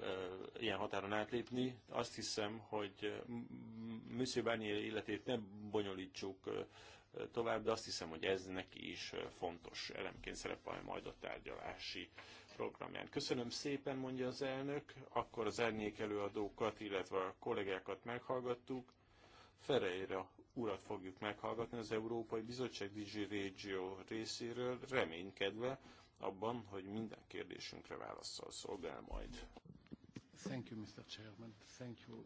S2: ilyen határon átlépni. Azt hiszem, hogy Monsieur Barnier életét ne bonyolítsuk tovább, de azt hiszem, hogy ez neki is fontos elemként szerepel majd a tárgyalási programján. Köszönöm szépen, mondja az elnök, akkor az árnyék előadókat, illetve a kollégákat meghallgattuk. Ferreira urat fogjuk meghallgatni az Európai Bizottság Digi Régió részéről, reménykedve abban, hogy minden kérdésünkre válaszol szolgál majd.
S3: Thank you, Mr. Chairman. Thank you.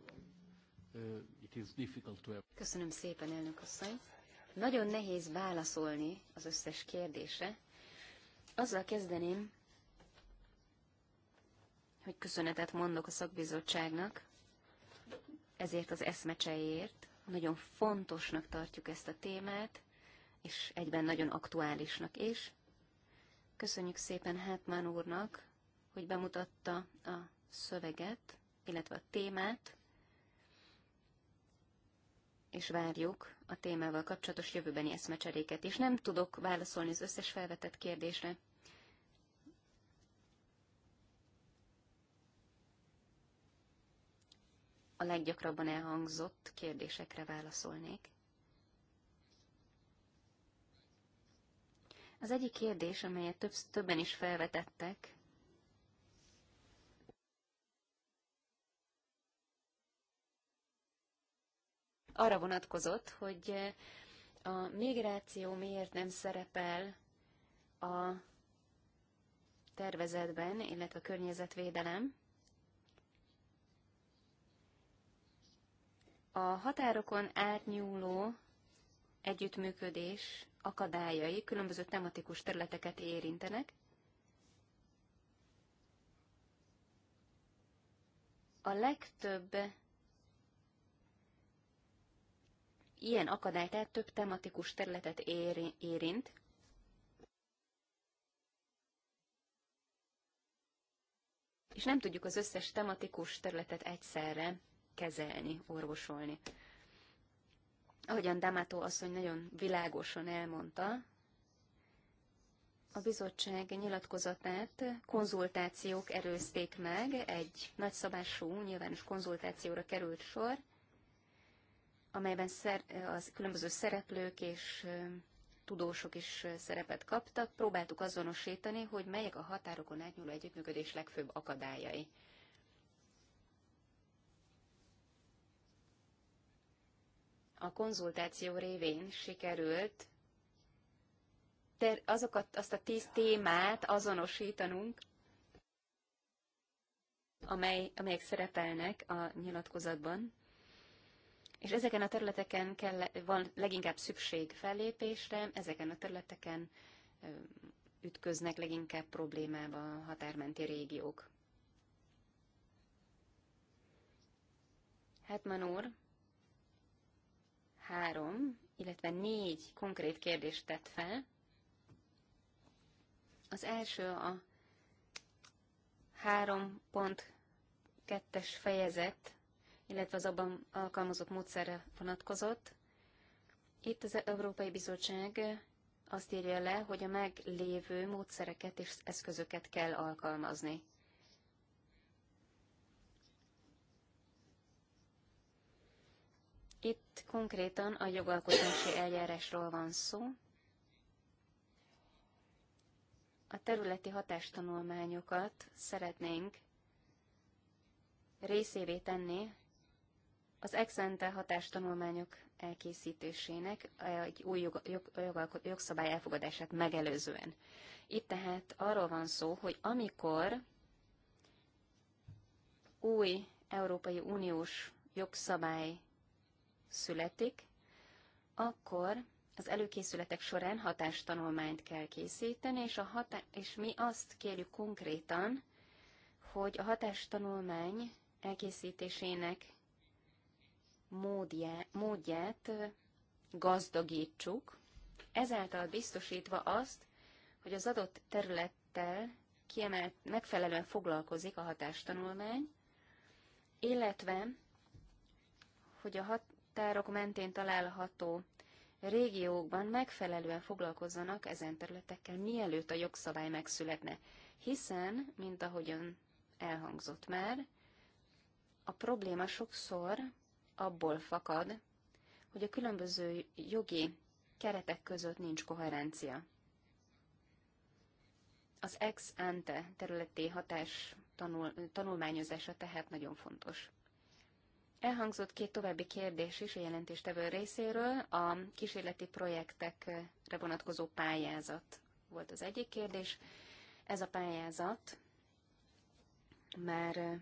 S3: Uh, it is difficult to... Köszönöm szépen, elnök asszony. Nagyon nehéz válaszolni az összes kérdésre. Azzal kezdeném, hogy köszönetet mondok a szakbizottságnak ezért az eszmecseért. Nagyon fontosnak tartjuk ezt a témát, és egyben nagyon aktuálisnak is. Köszönjük szépen Hátmán úrnak, hogy bemutatta a szöveget, illetve a témát, és várjuk a témával kapcsolatos jövőbeni eszmecseréket, és nem tudok válaszolni az összes felvetett kérdésre. A leggyakrabban elhangzott kérdésekre válaszolnék. Az egyik kérdés, amelyet több, többen is felvetettek, arra vonatkozott, hogy eh, a migráció miért nem szerepel a tervezetben, illetve a környezetvédelem. A határokon átnyúló együttműködés akadályai különböző tematikus területeket érintenek. A legtöbb ilyen akadály tehát több tematikus területet érint, és nem tudjuk az összes tematikus területet egyszerre kezelni, orvosolni. Ahogyan Damato asszony nagyon világosan elmondta, a bizottság nyilatkozatát konzultációk erőzték meg, egy nagyszabású nyilvános konzultációra került sor, amelyben az különböző szereplők és tudósok is szerepet kaptak, próbáltuk azonosítani, hogy melyek a határokon átnyúló együttműködés legfőbb akadályai. A konzultáció révén sikerült azokat, azt a tíz témát azonosítanunk, amely, amelyek szerepelnek a nyilatkozatban. És ezeken a területeken kell, van leginkább szükség fellépésre, ezeken a területeken ütköznek leginkább problémába a határmenti régiók. Hetman úr három, illetve négy konkrét kérdést tett fel. Az első a 3.2-es fejezet illetve az abban alkalmazott módszerre vonatkozott. Itt az Európai Bizottság azt írja le, hogy a meglévő módszereket és eszközöket kell alkalmazni. Itt konkrétan a jogalkotási eljárásról van szó. A területi hatástanulmányokat szeretnénk részévé tenni az exente hatástanulmányok elkészítésének egy új jog, jog, jog, jogszabály elfogadását megelőzően. Itt tehát arról van szó, hogy amikor új Európai Uniós jogszabály születik, akkor az előkészületek során hatástanulmányt kell készíteni, és, a hatá- és mi azt kérjük konkrétan, hogy a hatástanulmány elkészítésének módjá, módját gazdagítsuk, ezáltal biztosítva azt, hogy az adott területtel kiemelt, megfelelően foglalkozik a hatástanulmány, illetve, hogy a határok mentén található régiókban megfelelően foglalkozzanak ezen területekkel, mielőtt a jogszabály megszületne. Hiszen, mint ahogyan elhangzott már, a probléma sokszor abból fakad, hogy a különböző jogi keretek között nincs koherencia. Az ex ante területi hatás tanul, tanulmányozása tehát nagyon fontos. Elhangzott két további kérdés is a jelentéstevő részéről. A kísérleti projektekre vonatkozó pályázat volt az egyik kérdés. Ez a pályázat már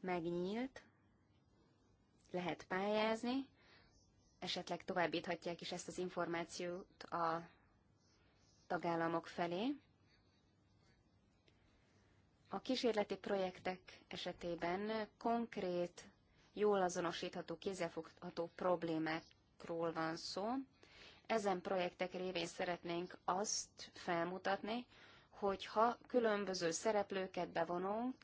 S3: megnyílt, lehet pályázni, esetleg továbbíthatják is ezt az információt a tagállamok felé. A kísérleti projektek esetében konkrét, jól azonosítható, kézzelfogható problémákról van szó. Ezen projektek révén szeretnénk azt felmutatni, hogy ha különböző szereplőket bevonunk,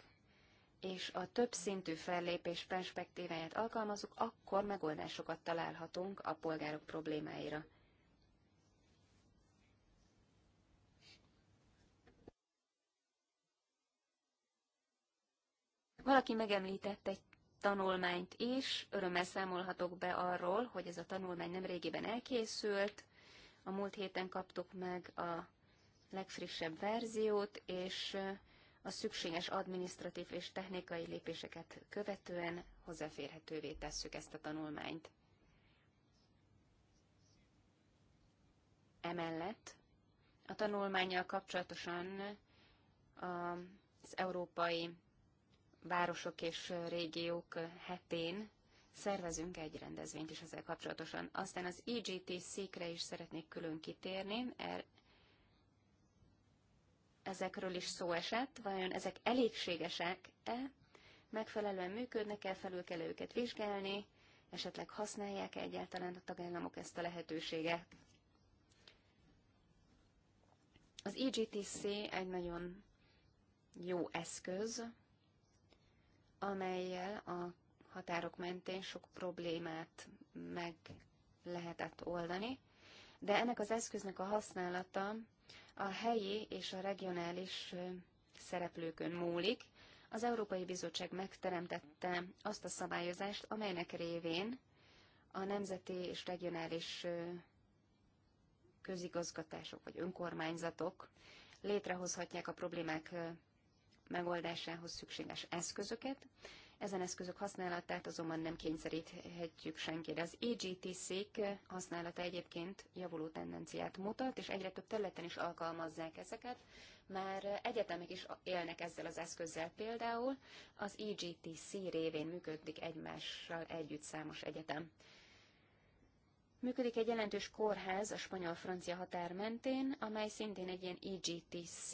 S3: és a több szintű fellépés perspektíváját alkalmazunk, akkor megoldásokat találhatunk a polgárok problémáira. Valaki megemlített egy tanulmányt is, örömmel számolhatok be arról, hogy ez a tanulmány nem régiben elkészült, a múlt héten kaptuk meg a legfrissebb verziót, és a szükséges adminisztratív és technikai lépéseket követően hozzáférhetővé tesszük ezt a tanulmányt. Emellett a tanulmányjal kapcsolatosan az Európai Városok és Régiók hetén szervezünk egy rendezvényt is ezzel kapcsolatosan. Aztán az EGT székre is szeretnék külön kitérni, ezekről is szó esett, vajon ezek elégségesek-e, megfelelően működnek-e, felül kell őket vizsgálni, esetleg használják-e egyáltalán a tagállamok ezt a lehetőséget. Az EGTC egy nagyon jó eszköz, amelyel a határok mentén sok problémát meg lehetett oldani, de ennek az eszköznek a használata a helyi és a regionális szereplőkön múlik. Az Európai Bizottság megteremtette azt a szabályozást, amelynek révén a nemzeti és regionális közigazgatások vagy önkormányzatok létrehozhatják a problémák megoldásához szükséges eszközöket, ezen eszközök használatát azonban nem kényszeríthetjük senkire. Az AGT szék használata egyébként javuló tendenciát mutat, és egyre több területen is alkalmazzák ezeket. Már egyetemek is élnek ezzel az eszközzel például. Az EGTC révén működik egymással együtt számos egyetem. Működik egy jelentős kórház a spanyol-francia határ mentén, amely szintén egy ilyen EGTC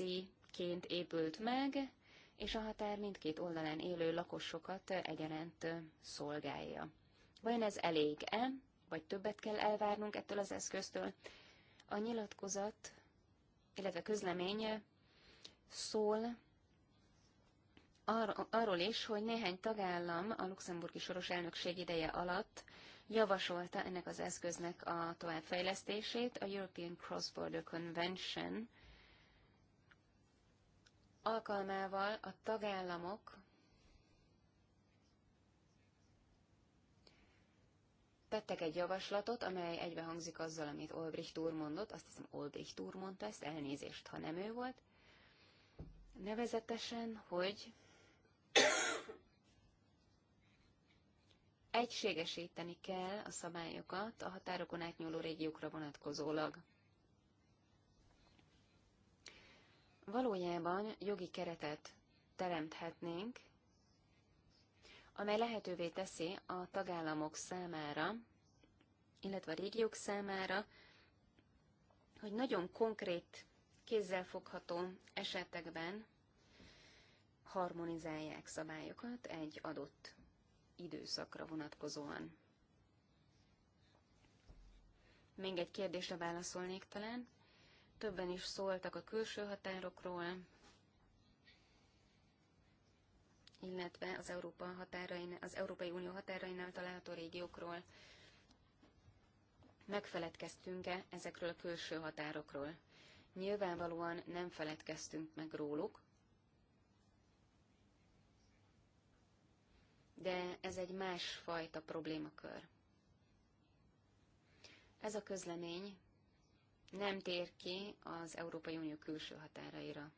S3: ként épült meg, és a határ mindkét oldalán élő lakosokat egyaránt szolgálja. Vajon ez elég-e, vagy többet kell elvárnunk ettől az eszköztől? A nyilatkozat, illetve közleménye szól arról is, hogy néhány tagállam a luxemburgi soros elnökség ideje alatt javasolta ennek az eszköznek a továbbfejlesztését, a European Cross-Border Convention alkalmával a tagállamok tettek egy javaslatot, amely egybehangzik azzal, amit Olbricht úr mondott, azt hiszem Olbricht úr mondta ezt, elnézést, ha nem ő volt, nevezetesen, hogy egységesíteni kell a szabályokat a határokon átnyúló régiókra vonatkozólag. valójában jogi keretet teremthetnénk, amely lehetővé teszi a tagállamok számára, illetve a régiók számára, hogy nagyon konkrét, kézzelfogható esetekben harmonizálják szabályokat egy adott időszakra vonatkozóan. Még egy kérdésre válaszolnék talán többen is szóltak a külső határokról, illetve az, Európa határain, az Európai Unió határainál található régiókról. Megfeledkeztünk-e ezekről a külső határokról? Nyilvánvalóan nem feledkeztünk meg róluk, de ez egy másfajta problémakör. Ez a közlemény nem tér ki az Európai Unió külső határaira.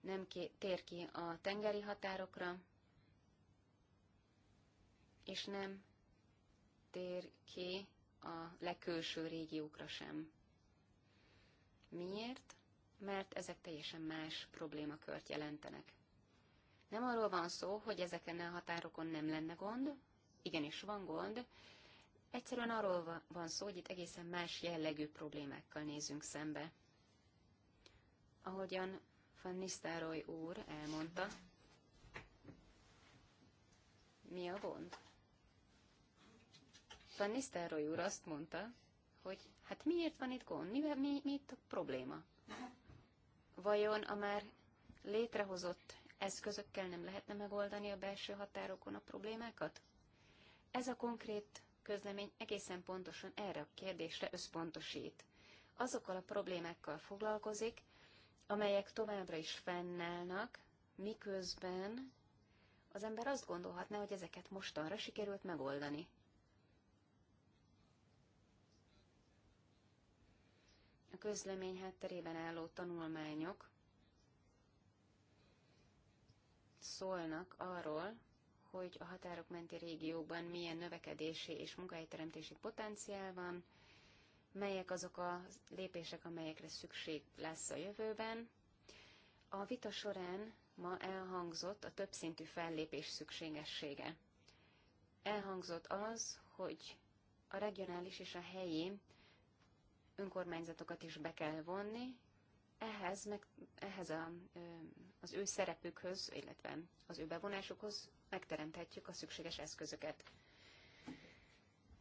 S3: Nem tér ki a tengeri határokra, és nem tér ki a legkülső régiókra sem. Miért? Mert ezek teljesen más problémakört jelentenek. Nem arról van szó, hogy ezeken a határokon nem lenne gond, igenis van gond, Egyszerűen arról van szó, hogy itt egészen más jellegű problémákkal nézünk szembe. Ahogyan Van Nisztároly úr elmondta, mi a gond? Van Nisztároly úr azt mondta, hogy hát miért van itt gond, mi, mi, mi itt a probléma? Vajon a már létrehozott eszközökkel nem lehetne megoldani a belső határokon a problémákat? Ez a konkrét közlemény egészen pontosan erre a kérdésre összpontosít. Azokkal a problémákkal foglalkozik, amelyek továbbra is fennállnak, miközben az ember azt gondolhatná, hogy ezeket mostanra sikerült megoldani. A közlemény hátterében álló tanulmányok szólnak arról, hogy a határok menti régiókban milyen növekedési és munkahelyteremtési potenciál van, melyek azok a lépések, amelyekre szükség lesz a jövőben. A vita során ma elhangzott a többszintű fellépés szükségessége. Elhangzott az, hogy a regionális és a helyi önkormányzatokat is be kell vonni, ehhez, meg, ehhez a, az ő szerepükhöz, illetve az ő bevonásukhoz megteremthetjük a szükséges eszközöket.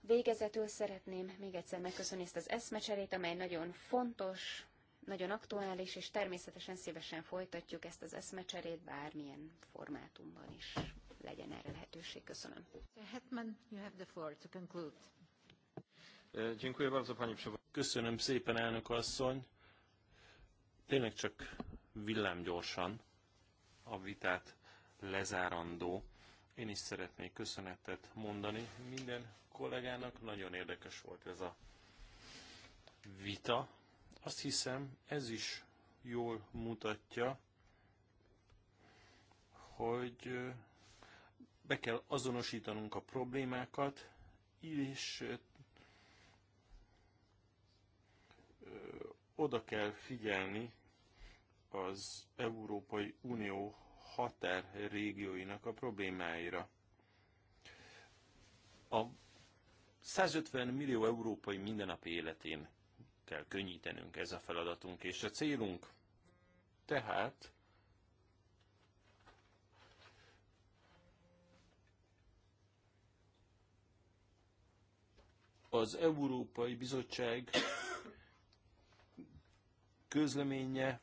S3: Végezetül szeretném még egyszer megköszönni ezt az eszmecserét, amely nagyon fontos, nagyon aktuális, és természetesen szívesen folytatjuk ezt az eszmecserét bármilyen formátumban is legyen erre lehetőség. Köszönöm. Hetman, you have
S1: the floor to conclude.
S2: Dziękuję bardzo, pani Köszönöm szépen, elnök asszony. Tényleg csak villámgyorsan a vitát lezárandó. Én is szeretnék köszönetet mondani minden kollégának. Nagyon érdekes volt ez a vita. Azt hiszem, ez is jól mutatja, hogy be kell azonosítanunk a problémákat, és Oda kell figyelni az Európai Unió határ régióinak a problémáira. A 150 millió európai mindennapi életén kell könnyítenünk ez a feladatunk és a célunk. Tehát az Európai Bizottság közleménye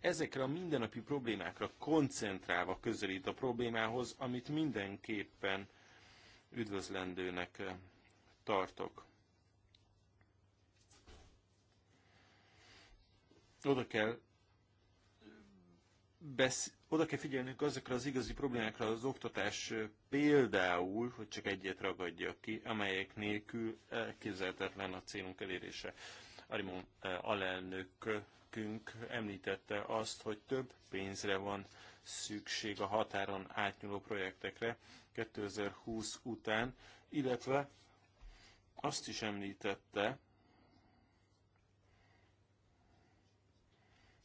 S2: ezekre a mindennapi problémákra koncentrálva közelít a problémához, amit mindenképpen üdvözlendőnek eh, tartok. Oda kell, besz... oda kell figyelnünk azokra az igazi problémákra az oktatás eh, például, hogy csak egyet ragadja ki, amelyek nélkül eh, elképzelhetetlen a célunk elérése. Arimon eh, alelnökünk említette azt, hogy több pénzre van szükség a határon átnyúló projektekre 2020 után, illetve azt is említette,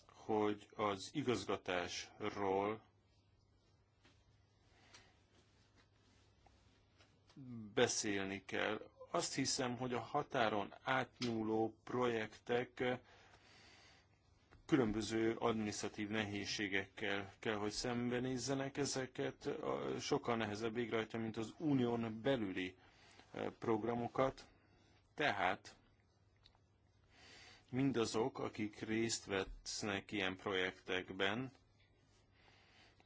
S2: hogy az igazgatásról beszélni kell azt hiszem, hogy a határon átnyúló projektek eh, különböző administratív nehézségekkel kell, hogy szembenézzenek ezeket, eh, sokkal nehezebb végrehajtja, mint az unión belüli eh, programokat. Tehát mindazok, akik részt vesznek ilyen projektekben,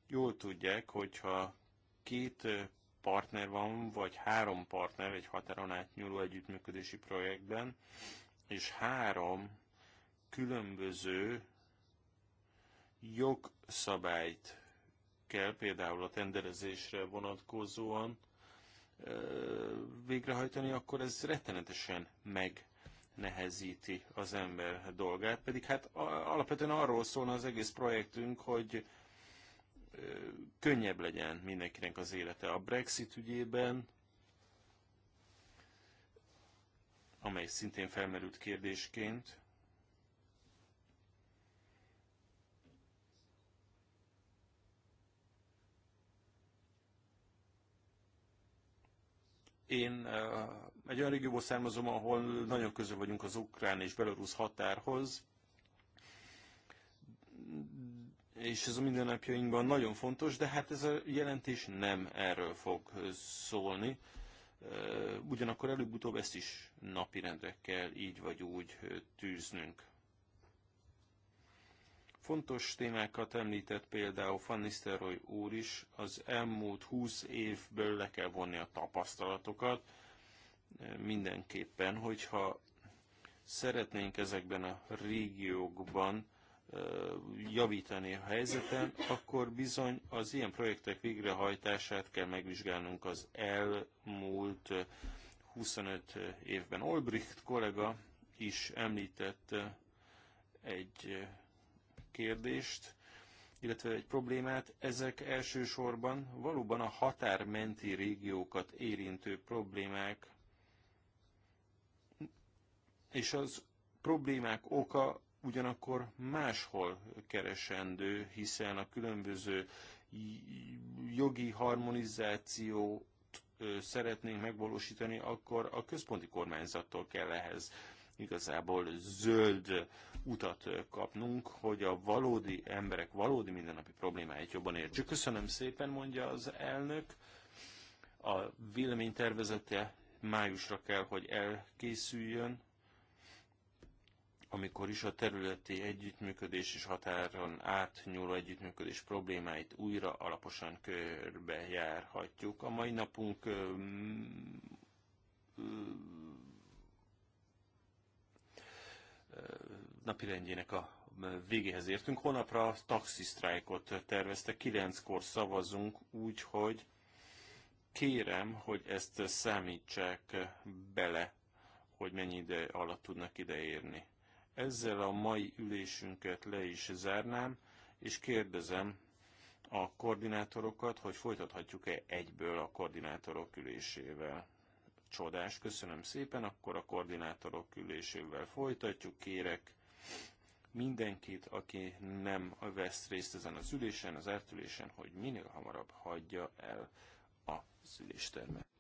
S2: jól tudják, hogyha két partner van, vagy három partner egy határon átnyúló együttműködési projektben, és három különböző jogszabályt kell például a tenderezésre vonatkozóan végrehajtani, akkor ez rettenetesen megnehezíti az ember dolgát. Pedig hát alapvetően arról szólna az egész projektünk, hogy könnyebb legyen mindenkinek az élete a Brexit ügyében, amely szintén felmerült kérdésként. Én eh, egy olyan régióból származom, ahol nagyon közel vagyunk az ukrán és belorusz határhoz, és ez a mindennapjainkban nagyon fontos, de hát ez a jelentés nem erről fog szólni. Ugyanakkor előbb-utóbb ezt is napirendre kell így vagy úgy tűznünk. Fontos témákat említett például Van Nistelrooy úr is, az elmúlt 20 évből le kell vonni a tapasztalatokat, mindenképpen, hogyha szeretnénk ezekben a régiókban javítani a helyzeten, akkor bizony az ilyen projektek végrehajtását kell megvizsgálnunk az elmúlt 25 évben. Olbricht kollega is említett egy kérdést, illetve egy problémát, ezek elsősorban valóban a határmenti régiókat érintő problémák, és az problémák oka ugyanakkor máshol keresendő, hiszen a különböző jogi harmonizációt szeretnénk megvalósítani, akkor a központi kormányzattól kell ehhez igazából zöld utat kapnunk, hogy a valódi emberek valódi mindennapi problémáit jobban értsük. Köszönöm szépen, mondja az elnök. A véleménytervezete májusra kell, hogy elkészüljön amikor is a területi együttműködés és határon átnyúló együttműködés problémáit újra alaposan körbejárhatjuk. A mai napunk napirendjének a végéhez értünk. Holnapra taxisztrájkot terveztek, kilenckor szavazunk, úgyhogy kérem, hogy ezt számítsák bele, hogy mennyi ide alatt tudnak ideérni. Ezzel a mai ülésünket le is zárnám, és kérdezem a koordinátorokat, hogy folytathatjuk-e egyből a koordinátorok ülésével. Csodás, köszönöm szépen, akkor a koordinátorok ülésével folytatjuk, kérek mindenkit, aki nem vesz részt ezen az ülésen, az átülésen, hogy minél hamarabb hagyja el a szüléstermet.